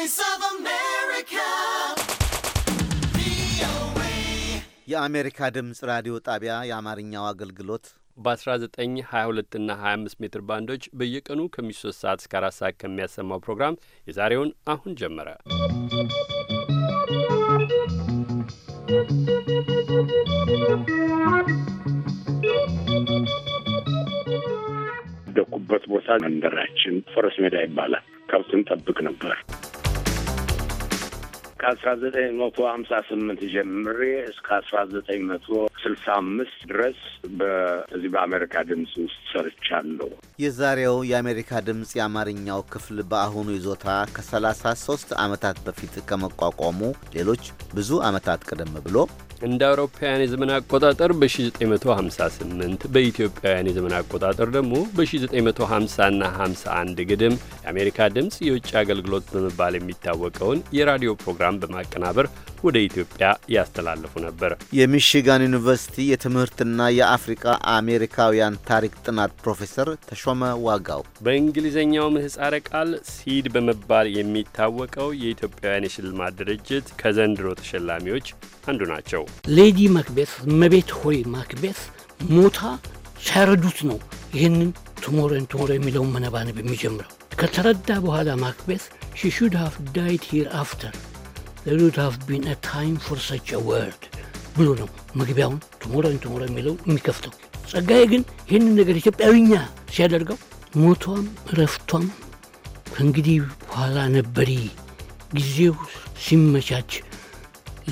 Voice የአሜሪካ ድምፅ ራዲዮ ጣቢያ የአማርኛው አገልግሎት በ1922 እና 25 ሜትር ባንዶች በየቀኑ ከሚሶስት 3 ሰዓት እስከ አራት ሰዓት ከሚያሰማው ፕሮግራም የዛሬውን አሁን ጀመረ። ደኩበት ቦታ መንደራችን ፈረስ ሜዳ ይባላል። ከብትን ጠብቅ ነበር። ከአስራ ዘጠኝ መቶ ሀምሳ ስምንት ጀምሬ እስከ አስራ ዘጠኝ መቶ ስልሳ አምስት ድረስ በዚህ በአሜሪካ ድምፅ ውስጥ ሰርቻለሁ። የዛሬው የአሜሪካ ድምፅ የአማርኛው ክፍል በአሁኑ ይዞታ ከሰላሳ ሶስት ዓመታት በፊት ከመቋቋሙ ሌሎች ብዙ ዓመታት ቀደም ብሎ እንደ አውሮፓውያን የዘመን አቆጣጠር በ1958 በኢትዮጵያውያን የዘመን አቆጣጠር ደግሞ በ1950ና 51 ግድም የአሜሪካ ድምፅ የውጭ አገልግሎት በመባል የሚታወቀውን የራዲዮ ፕሮግራም በማቀናበር ወደ ኢትዮጵያ ያስተላለፉ ነበር። የሚሽጋን ዩኒቨርሲቲ የትምህርትና የአፍሪካ አሜሪካውያን ታሪክ ጥናት ፕሮፌሰር ተሾመ ዋጋው በእንግሊዝኛው ምህፃረ ቃል ሲድ በመባል የሚታወቀው የኢትዮጵያውያን የሽልማት ድርጅት ከዘንድሮ ተሸላሚዎች አንዱ ናቸው። ሌዲ ማክቤት መቤት ሆይ ማክቤት ሞታ ሳያረዱት ነው ይህንን ቱሞሮን ቱሞሮ የሚለውን መነባነብ የሚጀምረው። ከተረዳ በኋላ ማክቤት ሺ ሹድ ሃፍ ዳይት ሂር አፍተር ዜር ውድ ሃፍ ቢን አ ታይም ፎር ሰች አ ወርድ ብሎ ነው መግቢያውን ቱሞሮን ቱሞሮ የሚለው የሚከፍተው። ጸጋዬ ግን ይህንን ነገር ኢትዮጵያዊኛ ሲያደርገው ሞቷም እረፍቷም ከእንግዲህ በኋላ ነበሪ ጊዜው ሲመቻች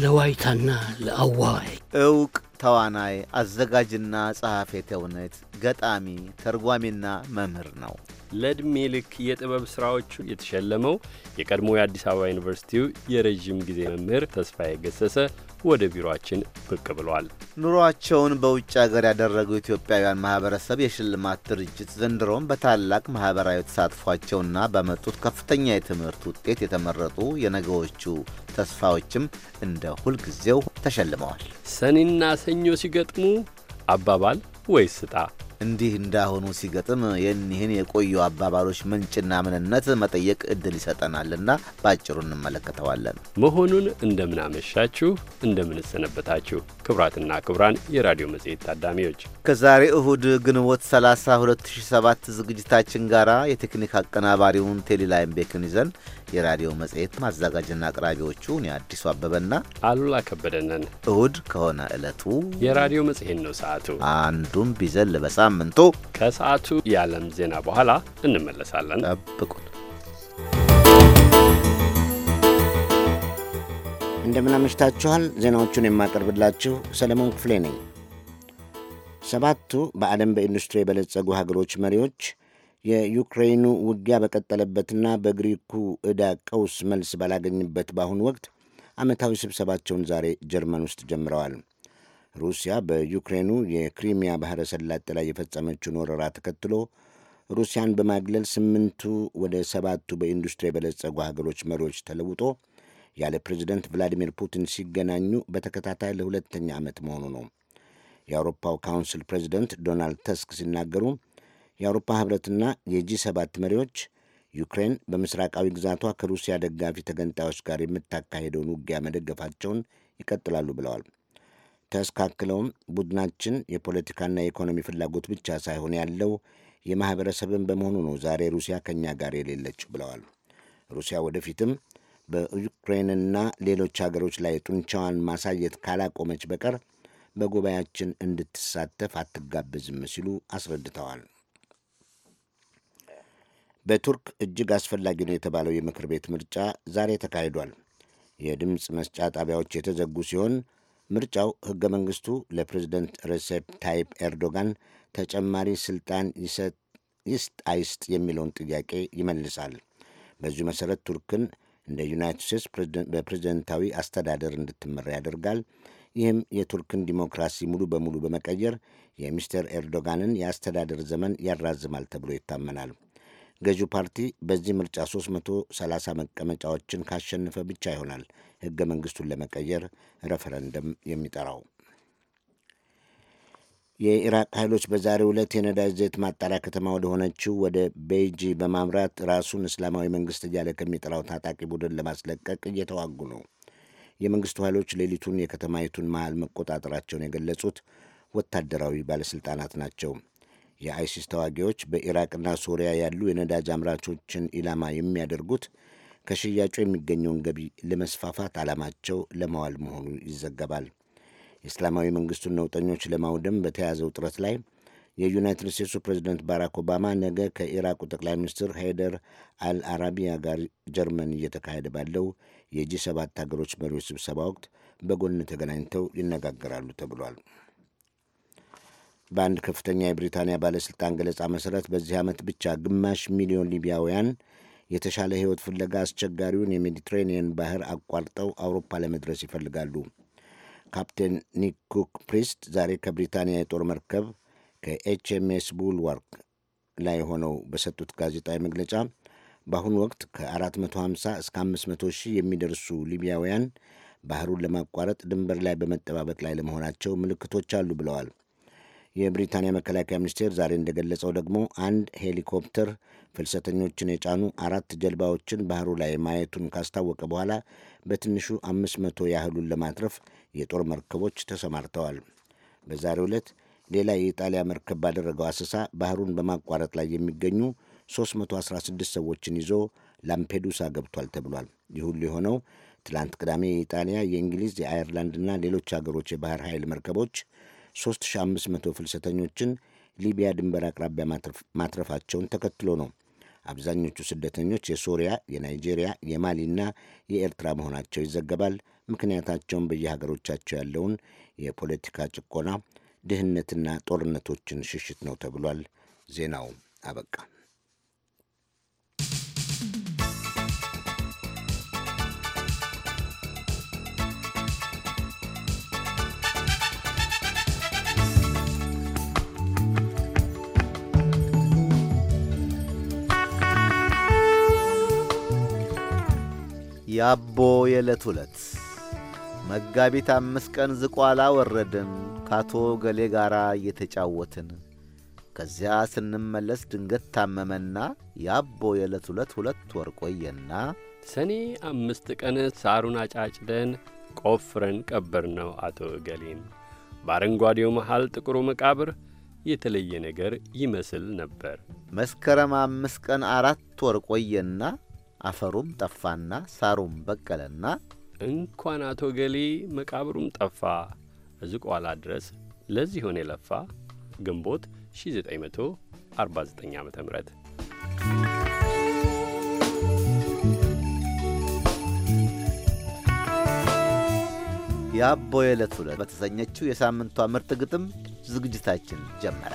ለዋይታና ለአዋይ እውቅ ተዋናይ አዘጋጅና ጸሐፌ ተውኔት ገጣሚ ተርጓሚና መምህር ነው። ለዕድሜ ልክ የጥበብ ሥራዎቹ የተሸለመው የቀድሞ የአዲስ አበባ ዩኒቨርሲቲው የረዥም ጊዜ መምህር ተስፋዬ ገሰሰ ወደ ቢሮአችን ብቅ ብሏል። ኑሯቸውን በውጭ ሀገር ያደረጉ ኢትዮጵያውያን ማህበረሰብ የሽልማት ድርጅት ዘንድሮም በታላቅ ማህበራዊ ተሳትፏቸውና በመጡት ከፍተኛ የትምህርት ውጤት የተመረጡ የነገዎቹ ተስፋዎችም እንደ ሁልጊዜው ተሸልመዋል። ሰኔና ሰኞ ሲገጥሙ አባባል ወይስ ስጣ እንዲህ እንዳሆኑ ሲገጥም የኒህን የቆዩ አባባሎች ምንጭና ምንነት መጠየቅ እድል ይሰጠናልና በአጭሩ እንመለከተዋለን። መሆኑን እንደምናመሻችሁ፣ እንደምንሰነበታችሁ ክብራትና ክብራን የራዲዮ መጽሔት ታዳሚዎች ከዛሬ እሁድ ግንቦት 30 2007 ዝግጅታችን ጋር የቴክኒክ አቀናባሪውን ቴሌላይም ቤክን ይዘን የራዲዮ መጽሔት ማዘጋጅና አቅራቢዎቹ እኔ አዲሱ አበበና አሉላ ከበደነን። እሁድ ከሆነ ዕለቱ የራዲዮ መጽሔት ነው። ሰዓቱ አንዱም ቢዘል በሳምንቱ ከሰዓቱ የዓለም ዜና በኋላ እንመለሳለን። ጠብቁን። እንደምናመሽታችኋል። ዜናዎቹን የማቀርብላችሁ ሰለሞን ክፍሌ ነኝ። ሰባቱ በዓለም በኢንዱስትሪ የበለጸጉ ሀገሮች መሪዎች የዩክሬኑ ውጊያ በቀጠለበትና በግሪኩ ዕዳ ቀውስ መልስ ባላገኝበት በአሁኑ ወቅት ዓመታዊ ስብሰባቸውን ዛሬ ጀርመን ውስጥ ጀምረዋል። ሩሲያ በዩክሬኑ የክሪሚያ ባሕረ ሰላጤ ላይ የፈጸመችውን ወረራ ተከትሎ ሩሲያን በማግለል ስምንቱ ወደ ሰባቱ በኢንዱስትሪ የበለጸጉ ሀገሮች መሪዎች ተለውጦ ያለ ፕሬዚደንት ቭላዲሚር ፑቲን ሲገናኙ በተከታታይ ለሁለተኛ ዓመት መሆኑ ነው። የአውሮፓው ካውንስል ፕሬዚደንት ዶናልድ ተስክ ሲናገሩ የአውሮፓ ህብረትና የጂ ሰባት መሪዎች ዩክሬን በምስራቃዊ ግዛቷ ከሩሲያ ደጋፊ ተገንጣዮች ጋር የምታካሄደውን ውጊያ መደገፋቸውን ይቀጥላሉ ብለዋል። ተስካክለውም ቡድናችን የፖለቲካና የኢኮኖሚ ፍላጎት ብቻ ሳይሆን ያለው የማኅበረሰብን በመሆኑ ነው ዛሬ ሩሲያ ከእኛ ጋር የሌለችው ብለዋል። ሩሲያ ወደፊትም በዩክሬንና ሌሎች ሀገሮች ላይ ጡንቻዋን ማሳየት ካላቆመች በቀር በጉባኤያችን እንድትሳተፍ አትጋበዝም ሲሉ አስረድተዋል። በቱርክ እጅግ አስፈላጊ ነው የተባለው የምክር ቤት ምርጫ ዛሬ ተካሂዷል። የድምፅ መስጫ ጣቢያዎች የተዘጉ ሲሆን ምርጫው ሕገ መንግሥቱ ለፕሬዝደንት ሬሴፕ ታይፕ ኤርዶጋን ተጨማሪ ስልጣን ይስጥ አይስጥ የሚለውን ጥያቄ ይመልሳል። በዚሁ መሠረት ቱርክን እንደ ዩናይትድ ስቴትስ በፕሬዝደንታዊ አስተዳደር እንድትመራ ያደርጋል። ይህም የቱርክን ዲሞክራሲ ሙሉ በሙሉ በመቀየር የሚስተር ኤርዶጋንን የአስተዳደር ዘመን ያራዝማል ተብሎ ይታመናል። ገዢው ፓርቲ በዚህ ምርጫ 330 መቀመጫዎችን ካሸነፈ ብቻ ይሆናል ሕገ መንግሥቱን ለመቀየር ረፈረንደም የሚጠራው። የኢራቅ ኃይሎች በዛሬው ዕለት የነዳጅ ዘይት ማጣሪያ ከተማ ወደሆነችው ወደ ቤይጂ በማምራት ራሱን እስላማዊ መንግሥት እያለ ከሚጠራው ታጣቂ ቡድን ለማስለቀቅ እየተዋጉ ነው። የመንግሥቱ ኃይሎች ሌሊቱን የከተማይቱን መሃል መቆጣጠራቸውን የገለጹት ወታደራዊ ባለሥልጣናት ናቸው። የአይሲስ ተዋጊዎች በኢራቅና ሶሪያ ያሉ የነዳጅ አምራቾችን ኢላማ የሚያደርጉት ከሽያጩ የሚገኘውን ገቢ ለመስፋፋት ዓላማቸው ለማዋል መሆኑ ይዘገባል። የእስላማዊ መንግስቱን ነውጠኞች ለማውደም በተያዘው ጥረት ላይ የዩናይትድ ስቴትሱ ፕሬዚደንት ባራክ ኦባማ ነገ ከኢራቁ ጠቅላይ ሚኒስትር ሃይደር አልአራቢያ ጋር ጀርመን እየተካሄደ ባለው የጂ ሰባት ሀገሮች መሪዎች ስብሰባ ወቅት በጎን ተገናኝተው ይነጋገራሉ ተብሏል። በአንድ ከፍተኛ የብሪታንያ ባለሥልጣን ገለጻ መሠረት በዚህ ዓመት ብቻ ግማሽ ሚሊዮን ሊቢያውያን የተሻለ ሕይወት ፍለጋ አስቸጋሪውን የሜዲትሬኒየን ባህር አቋርጠው አውሮፓ ለመድረስ ይፈልጋሉ። ካፕቴን ኒክ ኩክ ፕሪስት ዛሬ ከብሪታንያ የጦር መርከብ ከኤችኤምኤስ ቡልዋርክ ላይ ሆነው በሰጡት ጋዜጣዊ መግለጫ በአሁኑ ወቅት ከ450 እስከ 500 ሺህ የሚደርሱ ሊቢያውያን ባህሩን ለማቋረጥ ድንበር ላይ በመጠባበቅ ላይ ለመሆናቸው ምልክቶች አሉ ብለዋል። የብሪታንያ መከላከያ ሚኒስቴር ዛሬ እንደገለጸው ደግሞ አንድ ሄሊኮፕተር ፍልሰተኞችን የጫኑ አራት ጀልባዎችን ባህሩ ላይ ማየቱን ካስታወቀ በኋላ በትንሹ አምስት መቶ ያህሉን ለማትረፍ የጦር መርከቦች ተሰማርተዋል። በዛሬው ዕለት ሌላ የኢጣሊያ መርከብ ባደረገው አሰሳ ባህሩን በማቋረጥ ላይ የሚገኙ 316 ሰዎችን ይዞ ላምፔዱሳ ገብቷል ተብሏል። ይህ ሁሉ የሆነው ትላንት ቅዳሜ የኢጣሊያ፣ የእንግሊዝ፣ የአየርላንድና ሌሎች አገሮች የባህር ኃይል መርከቦች 3500 ፍልሰተኞችን ሊቢያ ድንበር አቅራቢያ ማትረፋቸውን ተከትሎ ነው። አብዛኞቹ ስደተኞች የሶሪያ፣ የናይጄሪያ፣ የማሊና የኤርትራ መሆናቸው ይዘገባል። ምክንያታቸውን በየሀገሮቻቸው ያለውን የፖለቲካ ጭቆና፣ ድህነትና ጦርነቶችን ሽሽት ነው ተብሏል። ዜናው አበቃ። ያቦ የዕለት ሁለት መጋቢት አምስት ቀን ዝቋላ ወረድን ካቶ ገሌ ጋር እየተጫወትን ከዚያ ስንመለስ ድንገት ታመመና ያቦ የዕለት ሁለት ሁለት ወር ቆየና ሰኔ አምስት ቀን ሳሩን አጫጭደን ቆፍረን ቀበር ነው አቶ ገሌን በአረንጓዴው መሃል ጥቁሩ መቃብር የተለየ ነገር ይመስል ነበር። መስከረም አምስት ቀን አራት ወር ቆየና አፈሩም ጠፋና ሳሩም በቀለና እንኳን አቶ ገሌ መቃብሩም ጠፋ ዝቋላ ድረስ ለዚህ ሆነ የለፋ ግንቦት 1949 ዓ ም የአቦ የዕለት ሁለት በተሰኘችው የሳምንቷ ምርጥ ግጥም ዝግጅታችን ጀመረ።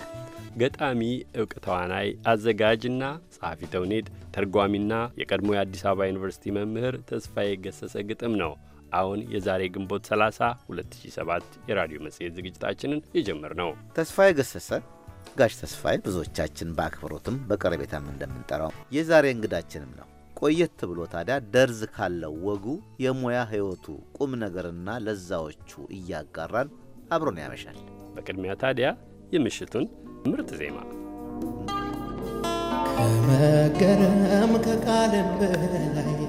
ገጣሚ፣ እውቅ ተዋናይ፣ አዘጋጅና ጸሐፊ ተውኔት፣ ተርጓሚና የቀድሞ የአዲስ አበባ ዩኒቨርሲቲ መምህር ተስፋዬ ገሰሰ ግጥም ነው። አሁን የዛሬ ግንቦት 30 2007 የራዲዮ መጽሔት ዝግጅታችንን የጀመር ነው። ተስፋዬ ገሰሰ ጋሽ ተስፋዬ ብዙዎቻችን በአክብሮትም በቀረቤታም እንደምንጠራው የዛሬ እንግዳችንም ነው። ቆየት ብሎ ታዲያ ደርዝ ካለው ወጉ የሙያ ሕይወቱ ቁም ነገርና ለዛዎቹ እያጋራን አብሮን ያመሻል። በቅድሚያ ታዲያ የምሽቱን ምርጥ ዜማ ከመገረም ከቃልም በላይ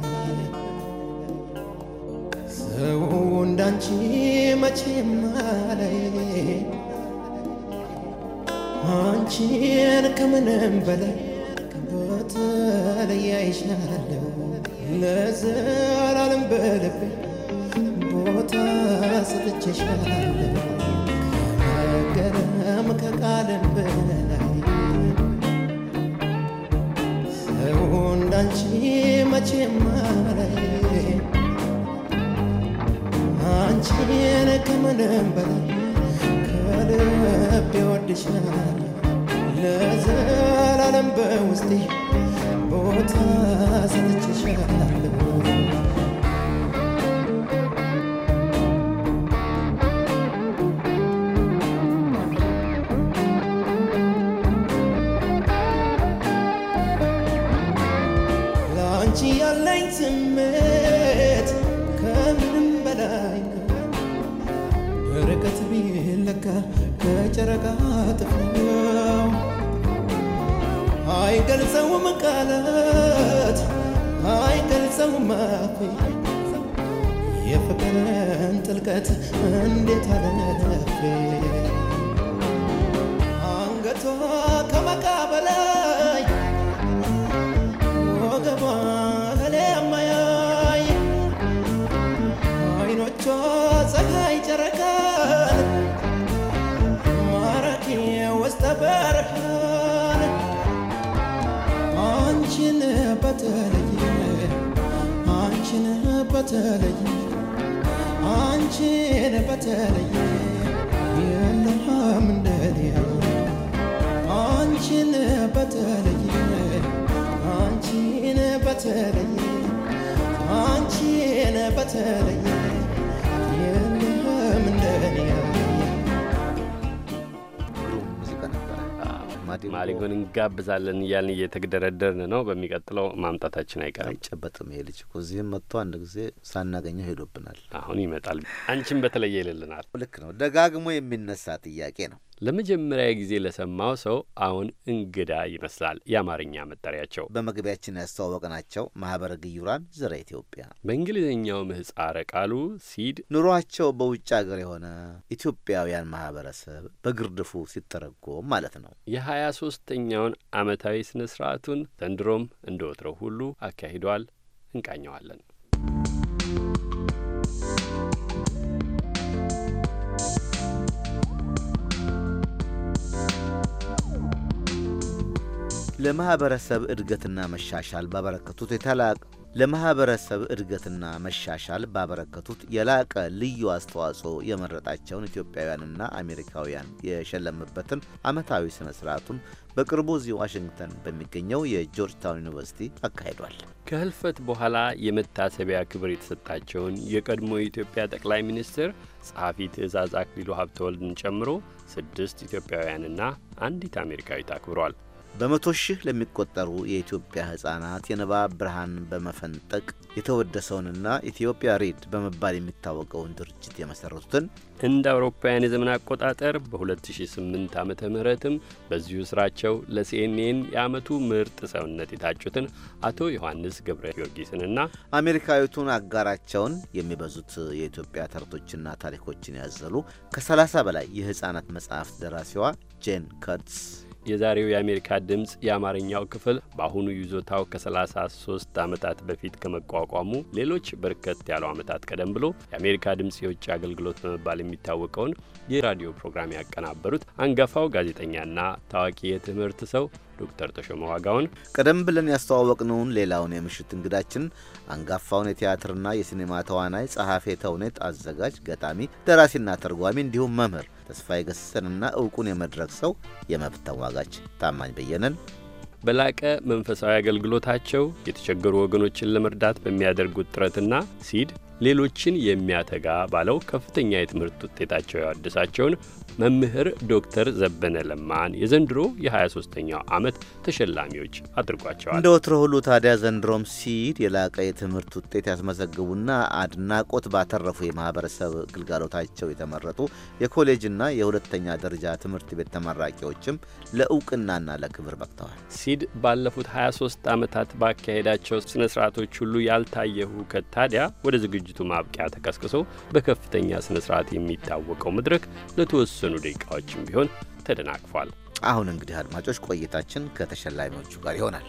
ሰው እንዳንቺ መቼም አላይ አንቺን ከምንም በላይ በተለይ አይሻለሁ ለዘላለም በልቤ ቦታ ሰጥቼሻለሁ አይቀርም ከቃልም በላይ ሰው እንዳንቺ መቼም አላይ አንቺን ከምንም በላይ ከልብ ይወድሻል ለዘላለም በውስጤ ቦታ ሰጥቼሻለሁ አይገልጸውም ቃላት አይገልጸውም አፌ የፍቅርን ጥልቀት እንዴት አለፌ አንገቷ ከመቃ በላይ ወገቧ ከላይ የማያይ አይኖቿ በተለይ አንቺን በተለይ አንቺን በተለይ የለም እንደኔ አንቺን በተለይ አንቺን በተለይ አንቺን በተለይ ማሊጎን እንጋብዛለን እያልን እየተደረደርን ነው። በሚቀጥለው ማምጣታችን አይቀርም። አይጨበጥም። ይሄ ልጅ እኮ እዚህም መጥቶ አንድ ጊዜ ሳናገኘው ሄዶብናል። አሁን ይመጣል። አንቺም በተለየ ይልልናል። ልክ ነው። ደጋግሞ የሚነሳ ጥያቄ ነው። ለመጀመሪያ ጊዜ ለሰማው ሰው አሁን እንግዳ ይመስላል የአማርኛ መጠሪያቸው። በመግቢያችን ያስተዋወቅናቸው ማህበረ ግዩራን ዘረ ኢትዮጵያ በእንግሊዝኛው ምህጻረ ቃሉ ሲድ ኑሯቸው በውጭ ሀገር የሆነ ኢትዮጵያውያን ማህበረሰብ በግርድፉ ሲተረጎም ማለት ነው። የሀያ ሶስተኛውን ዓመታዊ ስነ ስርዓቱን ዘንድሮም እንደ ወትረው ሁሉ አካሂዷል። እንቃኘዋለን። ለማህበረሰብ እድገትና መሻሻል ባበረከቱት የተላቅ ለማህበረሰብ እድገትና መሻሻል ባበረከቱት የላቀ ልዩ አስተዋጽኦ የመረጣቸውን ኢትዮጵያውያንና አሜሪካውያን የሸለመበትን ዓመታዊ ሥነ ሥርዓቱን በቅርቡ እዚህ ዋሽንግተን በሚገኘው የጆርጅታውን ዩኒቨርሲቲ አካሂዷል። ከህልፈት በኋላ የመታሰቢያ ክብር የተሰጣቸውን የቀድሞ የኢትዮጵያ ጠቅላይ ሚኒስትር ጸሐፊ ትእዛዝ አክሊሉ ሀብተወልድን ጨምሮ ስድስት ኢትዮጵያውያንና አንዲት አሜሪካዊት አክብሯል። በመቶ ሺህ ለሚቆጠሩ የኢትዮጵያ ሕፃናት የንባብ ብርሃን በመፈንጠቅ የተወደሰውንና ኢትዮጵያ ሪድ በመባል የሚታወቀውን ድርጅት የመሠረቱትን እንደ አውሮፓውያን የዘመን አቆጣጠር በ2008 ዓ ምትም በዚሁ ስራቸው ለሲኤንኤን የአመቱ ምርጥ ሰውነት የታጩትን አቶ ዮሐንስ ገብረ ጊዮርጊስንና አሜሪካዊቱን አጋራቸውን የሚበዙት የኢትዮጵያ ተረቶችና ታሪኮችን ያዘሉ ከ30 በላይ የሕፃናት መጽሐፍት ደራሲዋ ጄን ከርትስ የዛሬው የአሜሪካ ድምፅ የአማርኛው ክፍል በአሁኑ ይዞታው ከ33 ዓመታት በፊት ከመቋቋሙ ሌሎች በርከት ያሉ ዓመታት ቀደም ብሎ የአሜሪካ ድምፅ የውጭ አገልግሎት በመባል የሚታወቀውን የራዲዮ ፕሮግራም ያቀናበሩት አንጋፋው ጋዜጠኛና ታዋቂ የትምህርት ሰው ዶክተር ተሾመ ዋጋውን ቀደም ብለን ያስተዋወቅነውን ሌላውን የምሽት እንግዳችን አንጋፋውን የቲያትርና የሲኔማ ተዋናይ፣ ጸሐፌ ተውኔት፣ አዘጋጅ፣ ገጣሚ፣ ደራሲና ተርጓሚ እንዲሁም መምህር ተስፋዬ ገሰሰንና እውቁን የመድረክ ሰው የመብት ተሟጋች ታማኝ በየነን በላቀ መንፈሳዊ አገልግሎታቸው የተቸገሩ ወገኖችን ለመርዳት በሚያደርጉት ጥረትና ሲድ ሌሎችን የሚያተጋ ባለው ከፍተኛ የትምህርት ውጤታቸው ያወደሳቸውን መምህር ዶክተር ዘበነ ለማን የዘንድሮ የ23ኛው ዓመት ተሸላሚዎች አድርጓቸዋል። እንደ ወትሮ ሁሉ ታዲያ ዘንድሮም ሲድ የላቀ የትምህርት ውጤት ያስመዘግቡና አድናቆት ባተረፉ የማህበረሰብ ግልጋሎታቸው የተመረጡ የኮሌጅና የሁለተኛ ደረጃ ትምህርት ቤት ተመራቂዎችም ለእውቅናና ለክብር በቅተዋል። ሲድ ባለፉት 23 ዓመታት ባካሄዳቸው ስነ ስርዓቶች ሁሉ ያልታየ ሁከት ታዲያ ወደ ዝግጅ ዝግጅቱ ማብቂያ ተቀስቅሶ በከፍተኛ ስነ ስርዓት የሚታወቀው መድረክ ለተወሰኑ ደቂቃዎችም ቢሆን ተደናቅፏል። አሁን እንግዲህ አድማጮች ቆይታችን ከተሸላሚዎቹ ጋር ይሆናል።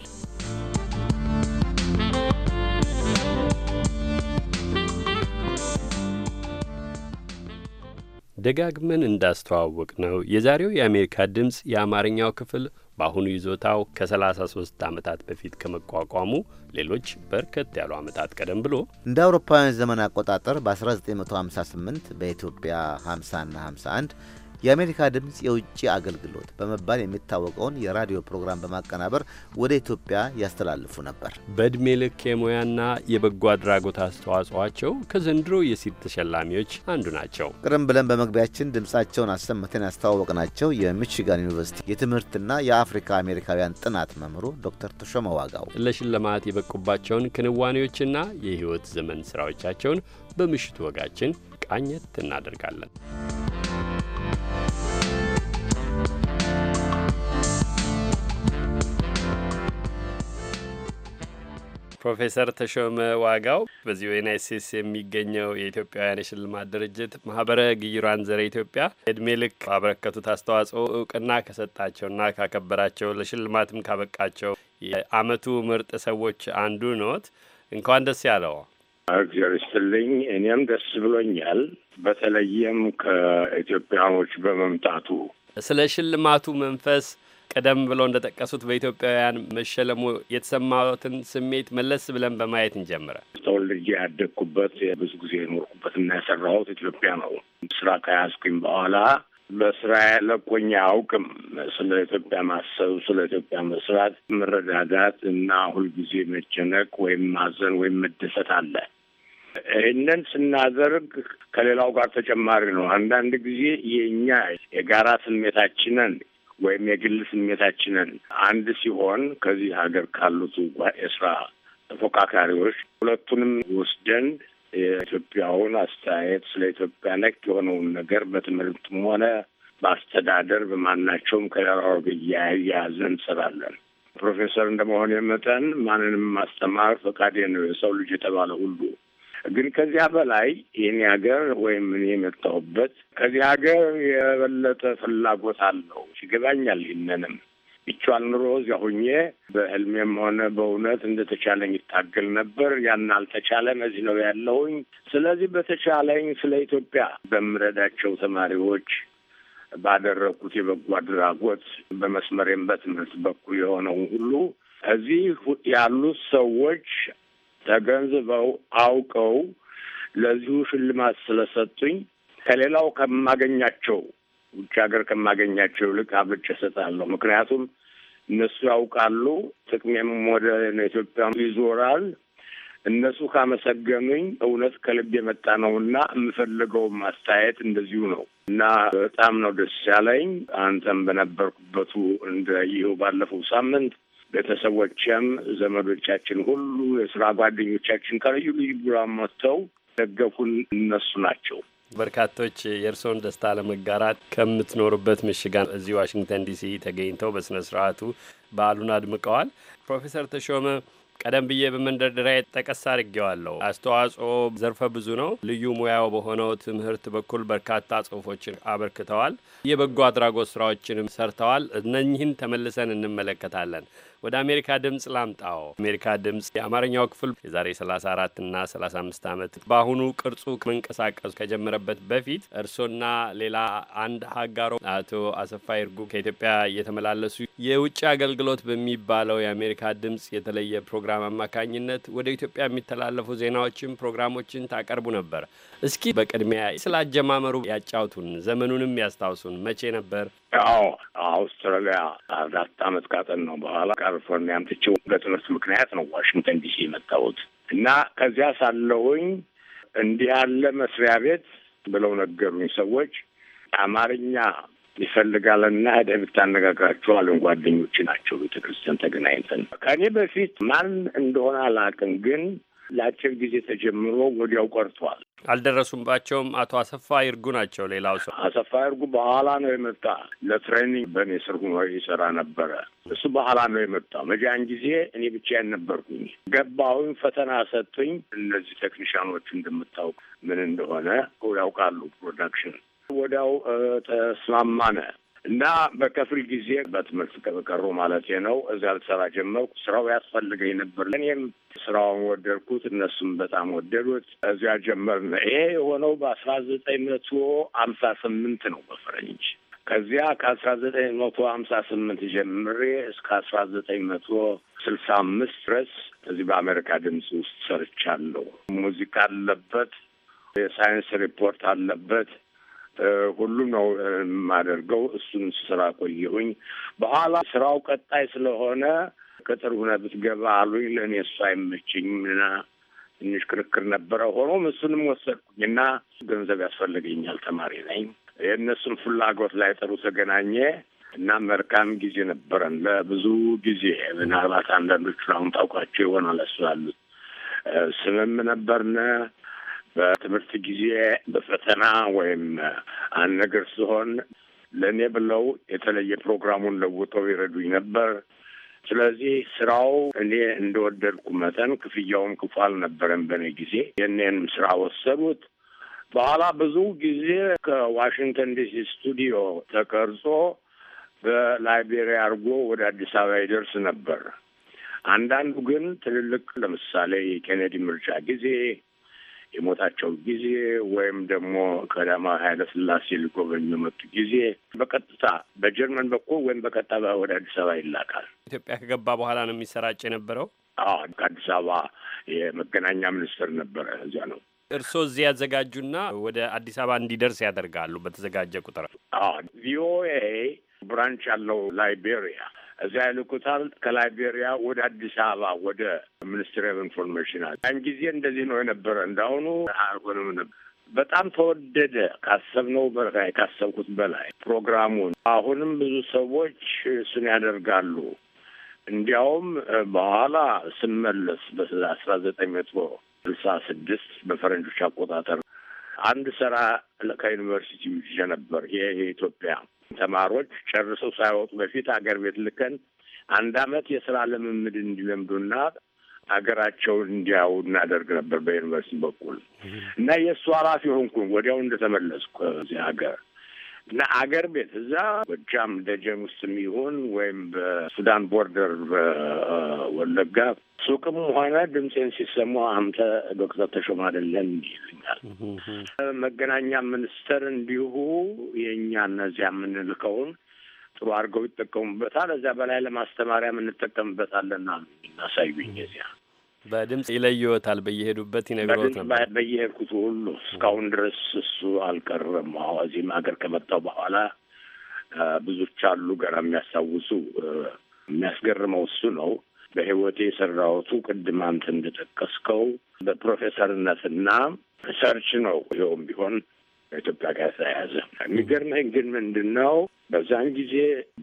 ደጋግመን እንዳስተዋወቅ ነው የዛሬው የአሜሪካ ድምፅ የአማርኛው ክፍል በአሁኑ ይዞታው ከ33 ዓመታት በፊት ከመቋቋሙ ሌሎች በርከት ያሉ ዓመታት ቀደም ብሎ እንደ አውሮፓውያን ዘመን አቆጣጠር በ1958 በኢትዮጵያ 50 51 የአሜሪካ ድምፅ የውጭ አገልግሎት በመባል የሚታወቀውን የራዲዮ ፕሮግራም በማቀናበር ወደ ኢትዮጵያ ያስተላልፉ ነበር። በእድሜ ልክ የሙያና የበጎ አድራጎት አስተዋጽኦአቸው ከዘንድሮ የሲድ ተሸላሚዎች አንዱ ናቸው። ቅድም ብለን በመግቢያችን ድምፃቸውን አሰምተን ያስተዋወቅናቸው የሚችጋን ዩኒቨርሲቲ የትምህርትና የአፍሪካ አሜሪካውያን ጥናት መምህሩ ዶክተር ተሾመ ዋጋው ለሽልማት የበቁባቸውን ክንዋኔዎችና የህይወት ዘመን ስራዎቻቸውን በምሽቱ ወጋችን ቃኘት እናደርጋለን። ፕሮፌሰር ተሾመ ዋጋው በዚህ በዩናይት ስቴትስ የሚገኘው የኢትዮጵያውያን የሽልማት ድርጅት ማህበረ ግይሯን ዘረ ኢትዮጵያ እድሜ ልክ ባበረከቱት አስተዋጽኦ እውቅና ከሰጣቸውና ካከበራቸው ለሽልማትም ካበቃቸው የአመቱ ምርጥ ሰዎች አንዱ ኖት። እንኳን ደስ ያለው። እግዚአብሔር ይስጥልኝ። እኔም ደስ ብሎኛል። በተለይም ከኢትዮጵያኖች በመምጣቱ ስለ ሽልማቱ መንፈስ ቀደም ብለው እንደጠቀሱት በኢትዮጵያውያን መሸለሙ የተሰማትን ስሜት መለስ ብለን በማየት እንጀምረ። ተወልጄ ያደግኩበት ብዙ ጊዜ እና ያሰራሁት ኢትዮጵያ ነው። ስራ ከያዝኩኝ በኋላ በስራ ለቆኝ አያውቅም። ስለ ኢትዮጵያ ማሰብ፣ ስለ ኢትዮጵያ መስራት፣ መረዳዳት እና ሁልጊዜ መጨነቅ ወይም ማዘን ወይም መደሰት አለ። ይህንን ስናደርግ ከሌላው ጋር ተጨማሪ ነው። አንዳንድ ጊዜ የእኛ የጋራ ስሜታችንን ወይም የግል ስሜታችንን አንድ ሲሆን ከዚህ ሀገር ካሉት የስራ ተፎካካሪዎች ሁለቱንም ወስደን የኢትዮጵያውን አስተያየት ስለ ኢትዮጵያ ነክ የሆነውን ነገር በትምህርትም ሆነ በአስተዳደር በማናቸውም ከሌላው እያያዘ እንሰራለን። ፕሮፌሰር እንደመሆን መጠን ማንንም ማስተማር ፈቃዴ ነው። የሰው ልጅ የተባለ ሁሉ ግን ከዚያ በላይ ይህን ሀገር ወይም እኔ የመጣሁበት ከዚህ ሀገር የበለጠ ፍላጎት አለው ይገባኛል። ይነንም ይቻል ኑሮ እዚያ ሁኜ በህልሜም ሆነ በእውነት እንደተቻለኝ ይታገል ነበር። ያን አልተቻለም። እዚህ ነው ያለሁኝ። ስለዚህ በተቻለኝ ስለ ኢትዮጵያ በምረዳቸው ተማሪዎች ባደረግኩት የበጎ አድራጎት በመስመሬም በትምህርት በኩል የሆነው ሁሉ እዚህ ያሉት ሰዎች ተገንዝበው አውቀው ለዚሁ ሽልማት ስለሰጡኝ ከሌላው ከማገኛቸው ውጭ ሀገር ከማገኛቸው ይልቅ አብልጬ እሰጣለሁ። ምክንያቱም እነሱ ያውቃሉ፣ ጥቅሜም ወደ ኢትዮጵያ ይዞራል። እነሱ ካመሰገኑኝ እውነት ከልብ የመጣ ነው እና የምፈልገው ማስተያየት እንደዚሁ ነው እና በጣም ነው ደስ ያለኝ። አንተም በነበርኩበቱ እንደ ይኸው ባለፈው ሳምንት ቤተሰቦችም ዘመዶቻችን ሁሉ የስራ ጓደኞቻችን ከልዩ ልዩ ጉራ መጥተው ደገፉን እነሱ ናቸው። በርካቶች የእርስዎን ደስታ ለመጋራት ከምትኖሩበት ምሽጋን እዚህ ዋሽንግተን ዲሲ ተገኝተው በስነ ስርዓቱ በዓሉን አድምቀዋል። ፕሮፌሰር ተሾመ ቀደም ብዬ በመንደርደሪያ ጠቀስ አድርጌዋለሁ። አስተዋጽኦ ዘርፈ ብዙ ነው። ልዩ ሙያው በሆነው ትምህርት በኩል በርካታ ጽሁፎችን አበርክተዋል። የበጎ አድራጎት ስራዎችንም ሰርተዋል። እነኚህን ተመልሰን እንመለከታለን። ወደ አሜሪካ ድምፅ ላምጣው። አሜሪካ ድምፅ የአማርኛው ክፍል የዛሬ 34 እና 35 ዓመት በአሁኑ ቅርጹ መንቀሳቀሱ ከጀመረበት በፊት እርሶና ሌላ አንድ ሀጋሮ አቶ አሰፋ ይርጉ ከኢትዮጵያ እየተመላለሱ የውጭ አገልግሎት በሚባለው የአሜሪካ ድምፅ የተለየ ፕሮግራም አማካኝነት ወደ ኢትዮጵያ የሚተላለፉ ዜናዎችን፣ ፕሮግራሞችን ታቀርቡ ነበር። እስኪ በቅድሚያ ስለ አጀማመሩ ያጫውቱን፣ ዘመኑንም ያስታውሱን። መቼ ነበር አዎ አውስትራሊያ አራት አመት ነው በኋላ ካሊፎርኒያም ትቼው በትምህርት ምክንያት ነው ዋሽንግተን ዲሲ የመጣሁት እና ከዚያ ሳለሁኝ እንዲህ ያለ መስሪያ ቤት ብለው ነገሩኝ ሰዎች አማርኛ ይፈልጋልና ሄደህ ብታነጋግራቸው አሉን። ጓደኞች ናቸው። ቤተክርስቲያን ተገናኝተን ከእኔ በፊት ማን እንደሆነ አላውቅም ግን ለአጭር ጊዜ ተጀምሮ ወዲያው ቀርቷል። አልደረሱምባቸውም። አቶ አሰፋ ይርጉ ናቸው። ሌላው ሰው አሰፋ ይርጉ በኋላ ነው የመጣ። ለትሬኒንግ በእኔ ስር ሆኖ ይሰራ ነበረ። እሱ በኋላ ነው የመጣው። መጃን ጊዜ እኔ ብቻዬን ነበርኩኝ። ገባሁኝ፣ ፈተና ሰጡኝ። እነዚህ ቴክኒሻኖች እንደምታውቅ ምን እንደሆነ ያውቃሉ ፕሮዳክሽን ወዲያው ተስማማነ። እና በከፍል ጊዜ በትምህርት ከቀሩ ማለት ነው እዚያ ልሰራ ጀመርኩ። ስራው ያስፈልገኝ ነበር። እኔም ስራውን ወደድኩት፣ እነሱም በጣም ወደዱት። እዚያ ጀመርን። ይሄ የሆነው በአስራ ዘጠኝ መቶ አምሳ ስምንት ነው በፈረንጅ ከዚያ ከአስራ ዘጠኝ መቶ ሀምሳ ስምንት ጀምሬ እስከ አስራ ዘጠኝ መቶ ስልሳ አምስት ድረስ እዚህ በአሜሪካ ድምፅ ውስጥ ሰርቻለሁ። ሙዚቃ አለበት፣ የሳይንስ ሪፖርት አለበት፣ ሁሉም ነው የማደርገው። እሱን ስራ ቆየሁኝ። በኋላ ስራው ቀጣይ ስለሆነ ቅጥር ሁነ ብትገባ አሉኝ። ለእኔ እሱ አይመችኝም እና ትንሽ ክርክር ነበረ። ሆኖም እሱንም ወሰድኩኝ እና ገንዘብ ያስፈልገኛል፣ ተማሪ ነኝ። የእነሱን ፍላጎት ላይ ጥሩ ተገናኘ እና መልካም ጊዜ ነበረን ለብዙ ጊዜ። ምናልባት አንዳንዶቹን አሁን ታውቋቸው ይሆናል ያስባሉት ስምም ነበርነ በትምህርት ጊዜ በፈተና ወይም አንድ ነገር ሲሆን ለእኔ ብለው የተለየ ፕሮግራሙን ለውጠው ይረዱኝ ነበር። ስለዚህ ስራው እኔ እንደወደድኩ መጠን ክፍያውም ክፉ አልነበረም። በእኔ ጊዜ የእኔንም ስራ ወሰዱት። በኋላ ብዙ ጊዜ ከዋሽንግተን ዲሲ ስቱዲዮ ተቀርጾ በላይቤሪያ አድርጎ ወደ አዲስ አበባ ይደርስ ነበር። አንዳንዱ ግን ትልልቅ ለምሳሌ የኬኔዲ ምርጫ ጊዜ የሞታቸው ጊዜ ወይም ደግሞ ቀዳማዊ ኃይለ ሥላሴ ሊጎበኙ የመጡ ጊዜ በቀጥታ በጀርመን በኩል ወይም በቀጥታ ወደ አዲስ አበባ ይላካል። ኢትዮጵያ ከገባ በኋላ ነው የሚሰራጭ የነበረው። ከአዲስ አበባ የመገናኛ ሚኒስትር ነበረ። እዚያ ነው እርስዎ እዚህ ያዘጋጁና ወደ አዲስ አበባ እንዲደርስ ያደርጋሉ። በተዘጋጀ ቁጥር ቪኦኤ ብራንች ያለው ላይቤሪያ እዚያ ይልኩታል። ከላይቤሪያ ወደ አዲስ አበባ ወደ ሚኒስትሪ ኦፍ ኢንፎርሜሽን አለ። ያን ጊዜ እንደዚህ ነው የነበረ። እንዳሁኑ አይሆንም ነበር። በጣም ተወደደ፣ ካሰብነው በላይ ካሰብኩት በላይ ፕሮግራሙን። አሁንም ብዙ ሰዎች እሱን ያደርጋሉ። እንዲያውም በኋላ ስመለስ በአስራ ዘጠኝ መቶ ስልሳ ስድስት በፈረንጆች አቆጣጠር አንድ ስራ ከዩኒቨርሲቲ ነበር። ይሄ የኢትዮጵያ ተማሪዎች ጨርሰው ሳይወጡ በፊት አገር ቤት ልከን አንድ አመት የስራ ልምምድ እንዲለምዱና ሀገራቸውን እንዲያው እናደርግ ነበር በዩኒቨርሲቲ በኩል እና የእሱ ኃላፊ ሆንኩ ወዲያው እንደተመለስኩ እዚህ ሀገር እና አገር ቤት እዛ ጎጃም ደጀን ውስጥ የሚሆን ወይም በሱዳን ቦርደር በወለጋ ሱቅም ሆነ ድምፄን ሲሰሙ አንተ ዶክተር ተሾማ አይደለን ይለኛል። መገናኛ ሚኒስቴር እንዲሁ የእኛ እነዚያ የምንልከውን ጥሩ አድርገው ይጠቀሙበታል። እዚያ በላይ ለማስተማሪያም እንጠቀምበታለን አሉ። የሚናሳዩኝ እዚያ በድምጽ ይለየዎታል። በየሄዱበት ይነግሮት ነበር። በየሄድኩት ሁሉ እስካሁን ድረስ እሱ አልቀረም። እዚህም ሀገር ከመጣው በኋላ ብዙዎች አሉ ገና የሚያስታውሱ። የሚያስገርመው እሱ ነው። በህይወቴ የሰራሁቱ ቅድም አንተ እንደጠቀስከው በፕሮፌሰርነትና ሰርች ነው። ይኸውም ቢሆን ከኢትዮጵያ ጋር ተያያዘ። የሚገርመኝ ግን ምንድን ነው በዛን ጊዜ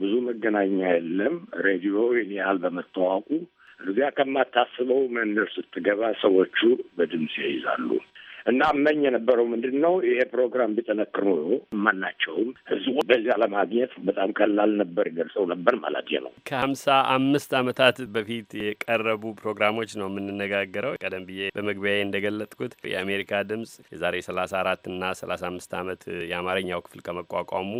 ብዙ መገናኛ የለም። ሬዲዮ ይህን ያህል በመታወቁ እዚያ ከማታስበው መንደር ስትገባ ሰዎቹ በድምፅ ይይዛሉ። እና መኝ የነበረው ምንድን ነው ይሄ ፕሮግራም ቢጠነክር ኖሮ ማናቸውም ህዝቡ በዚያ ለማግኘት በጣም ቀላል ነበር፣ ገልጸው ነበር ማለት ነው። ከሀምሳ አምስት ዓመታት በፊት የቀረቡ ፕሮግራሞች ነው የምንነጋገረው። ቀደም ብዬ በመግቢያዬ እንደገለጥኩት የአሜሪካ ድምፅ የዛሬ ሰላሳ አራት እና ሰላሳ አምስት ዓመት የአማርኛው ክፍል ከመቋቋሙ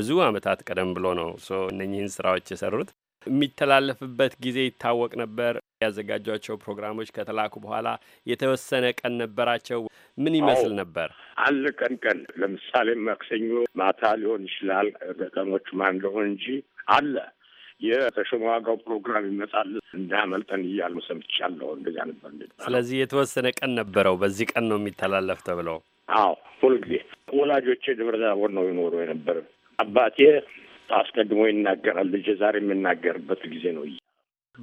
ብዙ አመታት ቀደም ብሎ ነው እነኚህን ስራዎች የሰሩት። የሚተላለፍበት ጊዜ ይታወቅ ነበር። ያዘጋጇቸው ፕሮግራሞች ከተላኩ በኋላ የተወሰነ ቀን ነበራቸው። ምን ይመስል ነበር? አንድ ቀን ቀን ለምሳሌ ማክሰኞ ማታ ሊሆን ይችላል። ገጠኖች ማን ለሆን እንጂ አለ የተሾመ ዋጋው ፕሮግራም ይመጣል እንዳመልጠን እያሉ ሰምቻለሁ። እንደዚያ ነበር። ስለዚህ የተወሰነ ቀን ነበረው። በዚህ ቀን ነው የሚተላለፍ ተብለው። አዎ ሁልጊዜ ወላጆቼ ደብረ ታቦር ነው ይኖሩ የነበር። አባቴ አስቀድሞ ይናገራል። ልጅ ዛሬ የምናገርበት ጊዜ ነው።